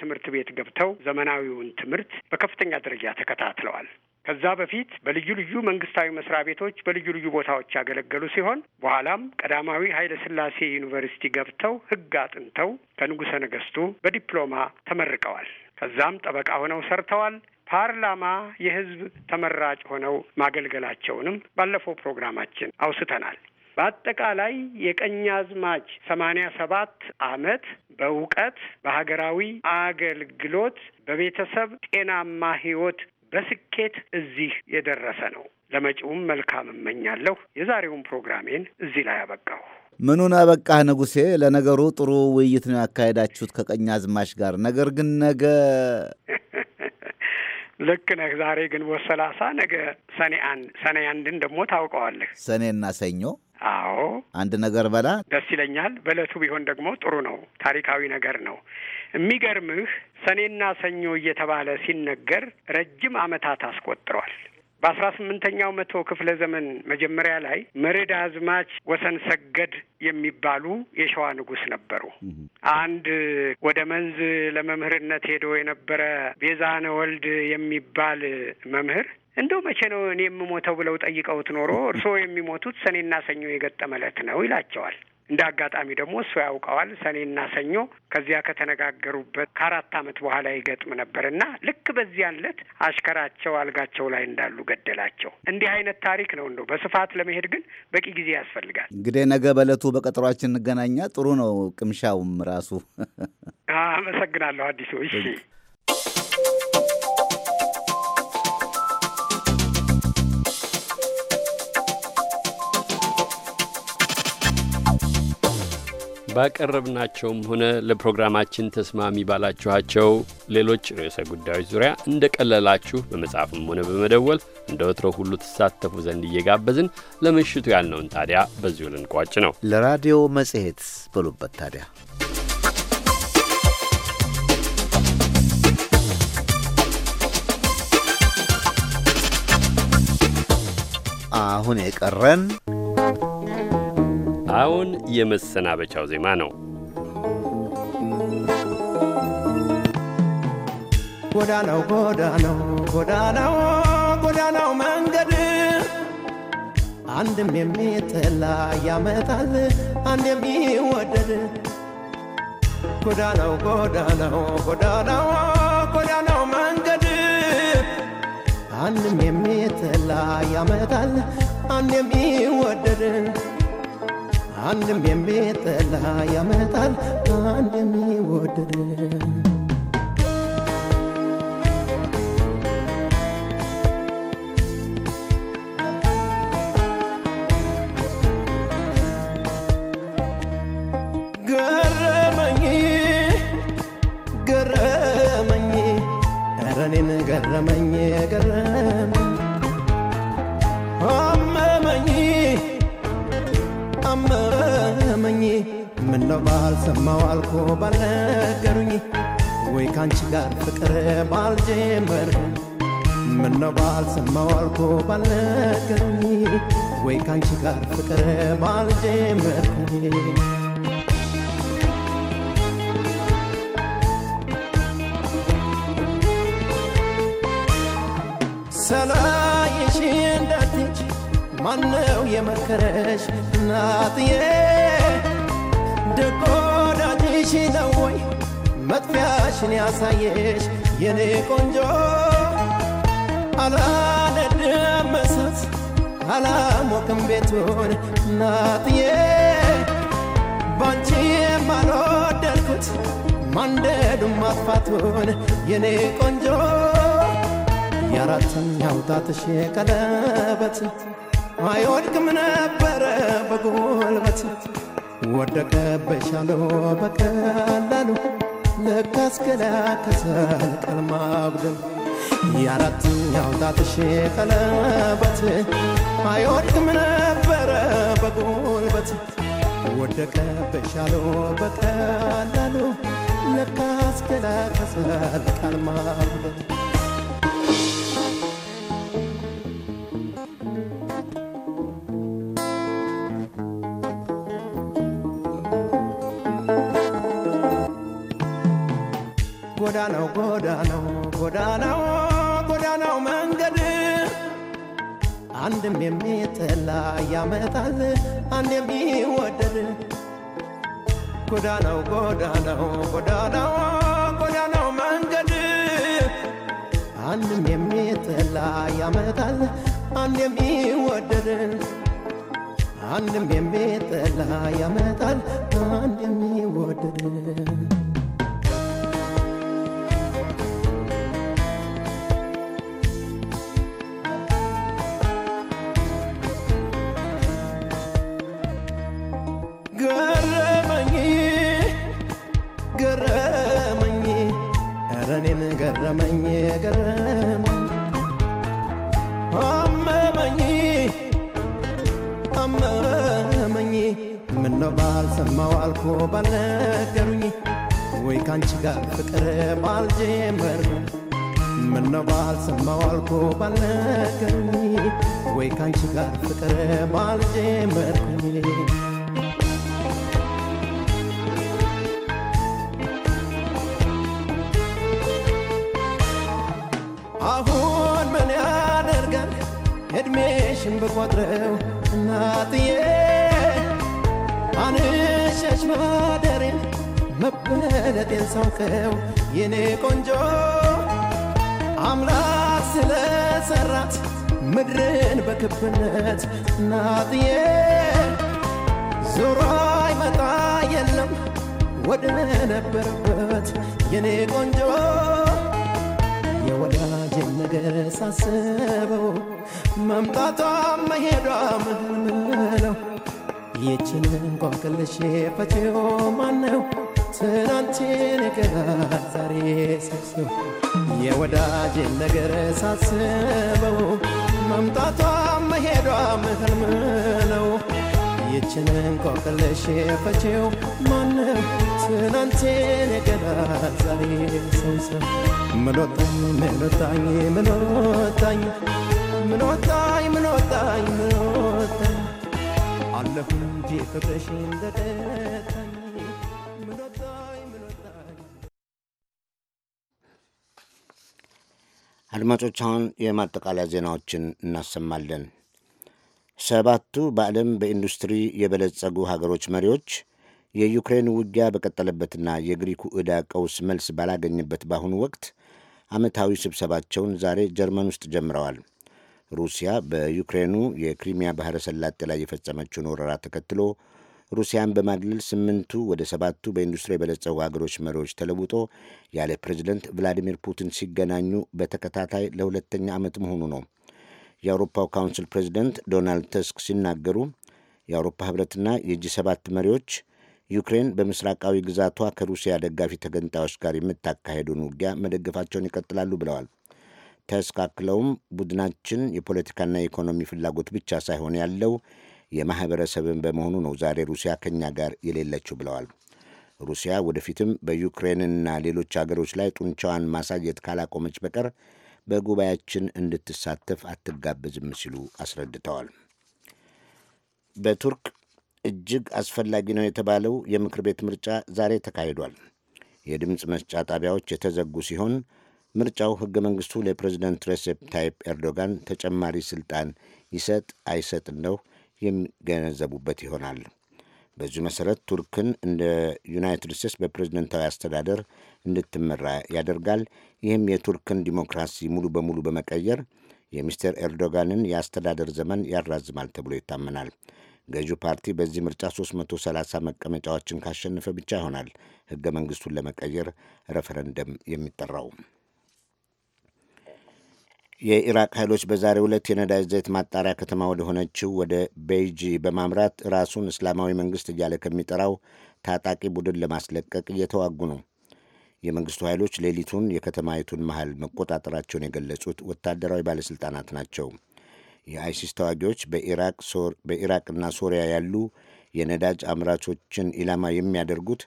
ትምህርት ቤት ገብተው ዘመናዊውን ትምህርት በከፍተኛ ደረጃ ተከታትለዋል። ከዛ በፊት በልዩ ልዩ መንግስታዊ መስሪያ ቤቶች በልዩ ልዩ ቦታዎች ያገለገሉ ሲሆን በኋላም ቀዳማዊ ኃይለ ስላሴ ዩኒቨርሲቲ ገብተው ሕግ አጥንተው ከንጉሠ ነገስቱ በዲፕሎማ ተመርቀዋል። ከዛም ጠበቃ ሆነው ሰርተዋል። ፓርላማ የህዝብ ተመራጭ ሆነው ማገልገላቸውንም ባለፈው ፕሮግራማችን አውስተናል። በአጠቃላይ የቀኛዝማች ሰማንያ ሰባት ዓመት በእውቀት በሀገራዊ አገልግሎት በቤተሰብ ጤናማ ሕይወት በስኬት እዚህ የደረሰ ነው። ለመጪውም መልካም እመኛለሁ። የዛሬውን ፕሮግራሜን እዚህ ላይ አበቃሁ። ምኑን አበቃህ ንጉሴ? ለነገሩ ጥሩ ውይይት ነው ያካሄዳችሁት ከቀኝ አዝማች ጋር። ነገር ግን ነገ ልክ ነህ። ዛሬ ግንቦት ሰላሳ ነገ ሰኔ አንድ ሰኔ አንድን ደግሞ ታውቀዋለህ። ሰኔና ሰኞ አዎ አንድ ነገር በላ ደስ ይለኛል። በእለቱ ቢሆን ደግሞ ጥሩ ነው። ታሪካዊ ነገር ነው። የሚገርምህ ሰኔና ሰኞ እየተባለ ሲነገር ረጅም ዓመታት አስቆጥሯል። በአስራ ስምንተኛው መቶ ክፍለ ዘመን መጀመሪያ ላይ መሬድ አዝማች ወሰን ሰገድ የሚባሉ የሸዋ ንጉሥ ነበሩ። አንድ ወደ መንዝ ለመምህርነት ሄዶ የነበረ ቤዛነ ወልድ የሚባል መምህር እንደው መቼ ነው እኔ የምሞተው ብለው ጠይቀውት ኖሮ እርስዎ የሚሞቱት ሰኔና ሰኞ የገጠመ ዕለት ነው ይላቸዋል። እንደ አጋጣሚ ደግሞ እሱ ያውቀዋል። ሰኔና ሰኞ ከዚያ ከተነጋገሩበት ከአራት ዓመት በኋላ ይገጥም ነበር እና ልክ በዚያን ዕለት አሽከራቸው አልጋቸው ላይ እንዳሉ ገደላቸው። እንዲህ አይነት ታሪክ ነው። እንደው በስፋት ለመሄድ ግን በቂ ጊዜ ያስፈልጋል። እንግዲህ ነገ በዕለቱ በቀጠሯችን እንገናኛ። ጥሩ ነው። ቅምሻውም ራሱ አመሰግናለሁ አዲሱ። እሺ ባቀረብናቸውም ሆነ ለፕሮግራማችን ተስማሚ ባላችኋቸው ሌሎች ርዕሰ ጉዳዮች ዙሪያ እንደ ቀለላችሁ በመጻፍም ሆነ በመደወል እንደ ወትሮ ሁሉ ትሳተፉ ዘንድ እየጋበዝን ለምሽቱ ያልነውን ታዲያ በዚሁ ልንቋጭ ነው። ለራዲዮ መጽሔት ብሉበት ታዲያ አሁን የቀረን አሁን የመሰናበቻው ዜማ ነው። ጎዳናው ጎዳናው ጎዳናው ጎዳናው መንገድ አንድም የሚጠላ ያመጣል አንድ የሚወደድ ጎዳናው ጎዳናው ጎዳናው ጎዳናው መንገድ አንድም የሚጠላ ያመጣል አንድ የሚወደድ አንድም የሚጠላ ያመጣል አንድም ይወደድ ሰማው አልኮ ባልነገሩኝ ወይ ካንቺ ጋር ፍቅር ባልጀመር ምነው ባልሰማው አልኮ ባልነገሩኝ ወይ ካንቺ ጋር ፍቅር ባልጀመር ሰላይሽ እንዳትች ማነው የመከረሽ እናትዬ ደቆ ፊትሽን ያሳየሽ የኔ ቆንጆ አላነድም እሳት አላሞቅም ቤቱን ናጥዬ ባንቺ ማልወደድኩት ማንደዱን ማጥፋቱን የኔ ቆንጆ የአራተኛው ጣትሽ ቀለበት አይወድቅም ነበረ በጉልበት ወደቀብሻለሁ በቀላሉ ለካስ ገላከሳል ቀን ማጉደል የአራተኛው ጣትሽ ቀለበት አይወድቅም ነበረ በጉልበት ወደቀብሽ አለው በቀላሉ ለካስ ገላከሳል ቀን ማጉደል ጎዳናው ጎዳናው መንገድ አንድም የሚጠላ ያመጣል አንድ የሚወደድ ጎዳናው ጎዳናው ጎዳናው ጎዳናው መንገድ አንድም የሚጠላ ያመጣል አንድ የሚወደድ አንድም የሚጠላ ያመጣል አንድ የሚወደድ ነው ባልሰማው አልኮ ባልነገሩኝ ወይ ካንቺ ጋር ፍቅር ባልጀመር ምነው ባልሰማው አልኮ ባልነገሩኝ ወይ ካንቺ ጋር ፍቅር ባልጀመርኩኝ አሁን ምን ያደርጋል እድሜሽን ብቆጥረው እናትዬ ፋንሸሽ ማደሬን መበለጤን ሳውቀው የኔ ቆንጆ አምላክ ስለሰራት ምድርን በክብነት ናጥዬ ዞሮ አይመጣ የለም ወደ ነበረበት የኔ ቆንጆ የወዳጅን ነገር ሳስበው መምጣቷ መሄዷ ምለው። ይችን እንቆቅልሽ ፈቺው ማነው? ትናንቴን ይገባል ዛሬ ሰብስብ የወዳጅን ነገር ሳስበው መምጣቷ መሄዷም ህልም ነው። ይችን እንቆቅልሽ ፈቺው ማነው? ትናንቴን ይገባል ዛሬ ሰብስብ ምኖጣኝ ምኖጣኝ ምኖጣኝ ምኖጣኝ ምኖጣኝ ምኖ አድማጮች አሁን የማጠቃለያ ዜናዎችን እናሰማለን። ሰባቱ በዓለም በኢንዱስትሪ የበለጸጉ ሀገሮች መሪዎች የዩክሬን ውጊያ በቀጠለበትና የግሪኩ ዕዳ ቀውስ መልስ ባላገኝበት በአሁኑ ወቅት ዓመታዊ ስብሰባቸውን ዛሬ ጀርመን ውስጥ ጀምረዋል። ሩሲያ በዩክሬኑ የክሪሚያ ባሕረ ሰላጤ ላይ የፈጸመችውን ወረራ ተከትሎ ሩሲያን በማግለል ስምንቱ ወደ ሰባቱ በኢንዱስትሪ የበለጸጉ ሀገሮች መሪዎች ተለውጦ ያለ ፕሬዚደንት ቭላዲሚር ፑቲን ሲገናኙ በተከታታይ ለሁለተኛ ዓመት መሆኑ ነው። የአውሮፓው ካውንስል ፕሬዚደንት ዶናልድ ተስክ ሲናገሩ የአውሮፓ ህብረትና የጂ ሰባት መሪዎች ዩክሬን በምስራቃዊ ግዛቷ ከሩሲያ ደጋፊ ተገንጣዮች ጋር የምታካሄዱን ውጊያ መደገፋቸውን ይቀጥላሉ ብለዋል። ተስካክለውም ቡድናችን የፖለቲካና የኢኮኖሚ ፍላጎት ብቻ ሳይሆን ያለው የማኅበረሰብን በመሆኑ ነው ዛሬ ሩሲያ ከእኛ ጋር የሌለችው ብለዋል። ሩሲያ ወደፊትም በዩክሬንና ሌሎች አገሮች ላይ ጡንቻዋን ማሳየት ካላቆመች በቀር በጉባኤያችን እንድትሳተፍ አትጋበዝም ሲሉ አስረድተዋል። በቱርክ እጅግ አስፈላጊ ነው የተባለው የምክር ቤት ምርጫ ዛሬ ተካሂዷል። የድምፅ መስጫ ጣቢያዎች የተዘጉ ሲሆን ምርጫው ህገ መንግስቱ ለፕሬዚደንት ሬሴፕ ታይፕ ኤርዶጋን ተጨማሪ ስልጣን ይሰጥ አይሰጥ ነው የሚገነዘቡበት ይሆናል። በዚሁ መሰረት ቱርክን እንደ ዩናይትድ ስቴትስ በፕሬዝደንታዊ አስተዳደር እንድትመራ ያደርጋል። ይህም የቱርክን ዲሞክራሲ ሙሉ በሙሉ በመቀየር የሚስተር ኤርዶጋንን የአስተዳደር ዘመን ያራዝማል ተብሎ ይታመናል። ገዢው ፓርቲ በዚህ ምርጫ 330 መቀመጫዎችን ካሸነፈ ብቻ ይሆናል ህገ መንግስቱን ለመቀየር ረፈረንደም የሚጠራው። የኢራቅ ኃይሎች በዛሬ ዕለት የነዳጅ ዘይት ማጣሪያ ከተማ ወደሆነችው ወደ ቤይጂ በማምራት ራሱን እስላማዊ መንግስት እያለ ከሚጠራው ታጣቂ ቡድን ለማስለቀቅ እየተዋጉ ነው። የመንግስቱ ኃይሎች ሌሊቱን የከተማይቱን መሃል መቆጣጠራቸውን የገለጹት ወታደራዊ ባለሥልጣናት ናቸው። የአይሲስ ተዋጊዎች በኢራቅና ሶሪያ ያሉ የነዳጅ አምራቾችን ኢላማ የሚያደርጉት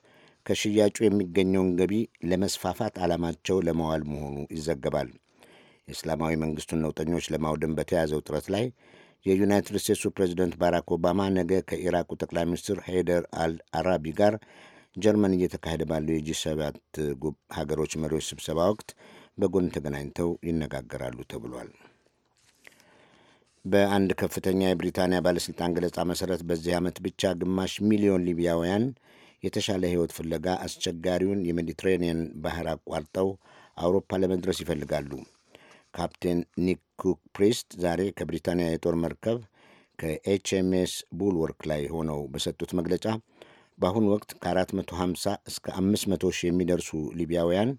ከሽያጩ የሚገኘውን ገቢ ለመስፋፋት ዓላማቸው ለመዋል መሆኑ ይዘገባል። የእስላማዊ መንግስቱን ነውጠኞች ለማውደም በተያዘው ጥረት ላይ የዩናይትድ ስቴትሱ ፕሬዚደንት ባራክ ኦባማ ነገ ከኢራቁ ጠቅላይ ሚኒስትር ሄይደር አል አራቢ ጋር ጀርመን እየተካሄደ ባለው የጂ ሰባት ሀገሮች መሪዎች ስብሰባ ወቅት በጎን ተገናኝተው ይነጋገራሉ ተብሏል። በአንድ ከፍተኛ የብሪታንያ ባለሥልጣን ገለጻ መሠረት በዚህ ዓመት ብቻ ግማሽ ሚሊዮን ሊቢያውያን የተሻለ ሕይወት ፍለጋ አስቸጋሪውን የሜዲትሬኒየን ባህር አቋርጠው አውሮፓ ለመድረስ ይፈልጋሉ። ካፕቴን ኒክ ኩክ ፕሪስት ዛሬ ከብሪታንያ የጦር መርከብ ከኤችኤምኤስ ቡልወርክ ላይ ሆነው በሰጡት መግለጫ በአሁኑ ወቅት ከ450 እስከ 500 ሺህ የሚደርሱ ሊቢያውያን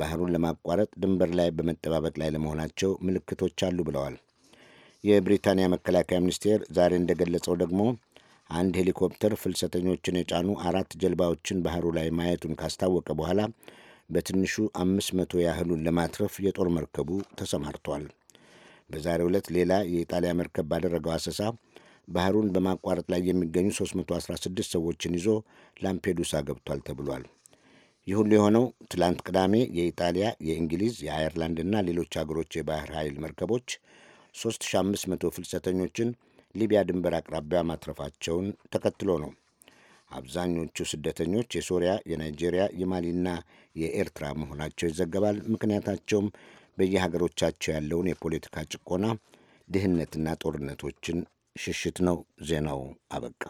ባህሩን ለማቋረጥ ድንበር ላይ በመጠባበቅ ላይ ለመሆናቸው ምልክቶች አሉ ብለዋል። የብሪታንያ መከላከያ ሚኒስቴር ዛሬ እንደገለጸው ደግሞ አንድ ሄሊኮፕተር ፍልሰተኞችን የጫኑ አራት ጀልባዎችን ባህሩ ላይ ማየቱን ካስታወቀ በኋላ በትንሹ አምስት መቶ ያህሉን ለማትረፍ የጦር መርከቡ ተሰማርቷል። በዛሬ ዕለት ሌላ የኢጣሊያ መርከብ ባደረገው አሰሳ ባህሩን በማቋረጥ ላይ የሚገኙ 316 ሰዎችን ይዞ ላምፔዱሳ ገብቷል ተብሏል። ይህ ሁሉ የሆነው ትላንት ቅዳሜ የኢጣሊያ፣ የእንግሊዝ፣ እና ሌሎች አገሮች የባህር ኃይል መርከቦች 3500 ፍልሰተኞችን ሊቢያ ድንበር አቅራቢያ ማትረፋቸውን ተከትሎ ነው። አብዛኞቹ ስደተኞች የሶሪያ፣ የናይጄሪያ፣ የማሊና የኤርትራ መሆናቸው ይዘገባል። ምክንያታቸውም በየሀገሮቻቸው ያለውን የፖለቲካ ጭቆና፣ ድህነትና ጦርነቶችን ሽሽት ነው። ዜናው አበቃ።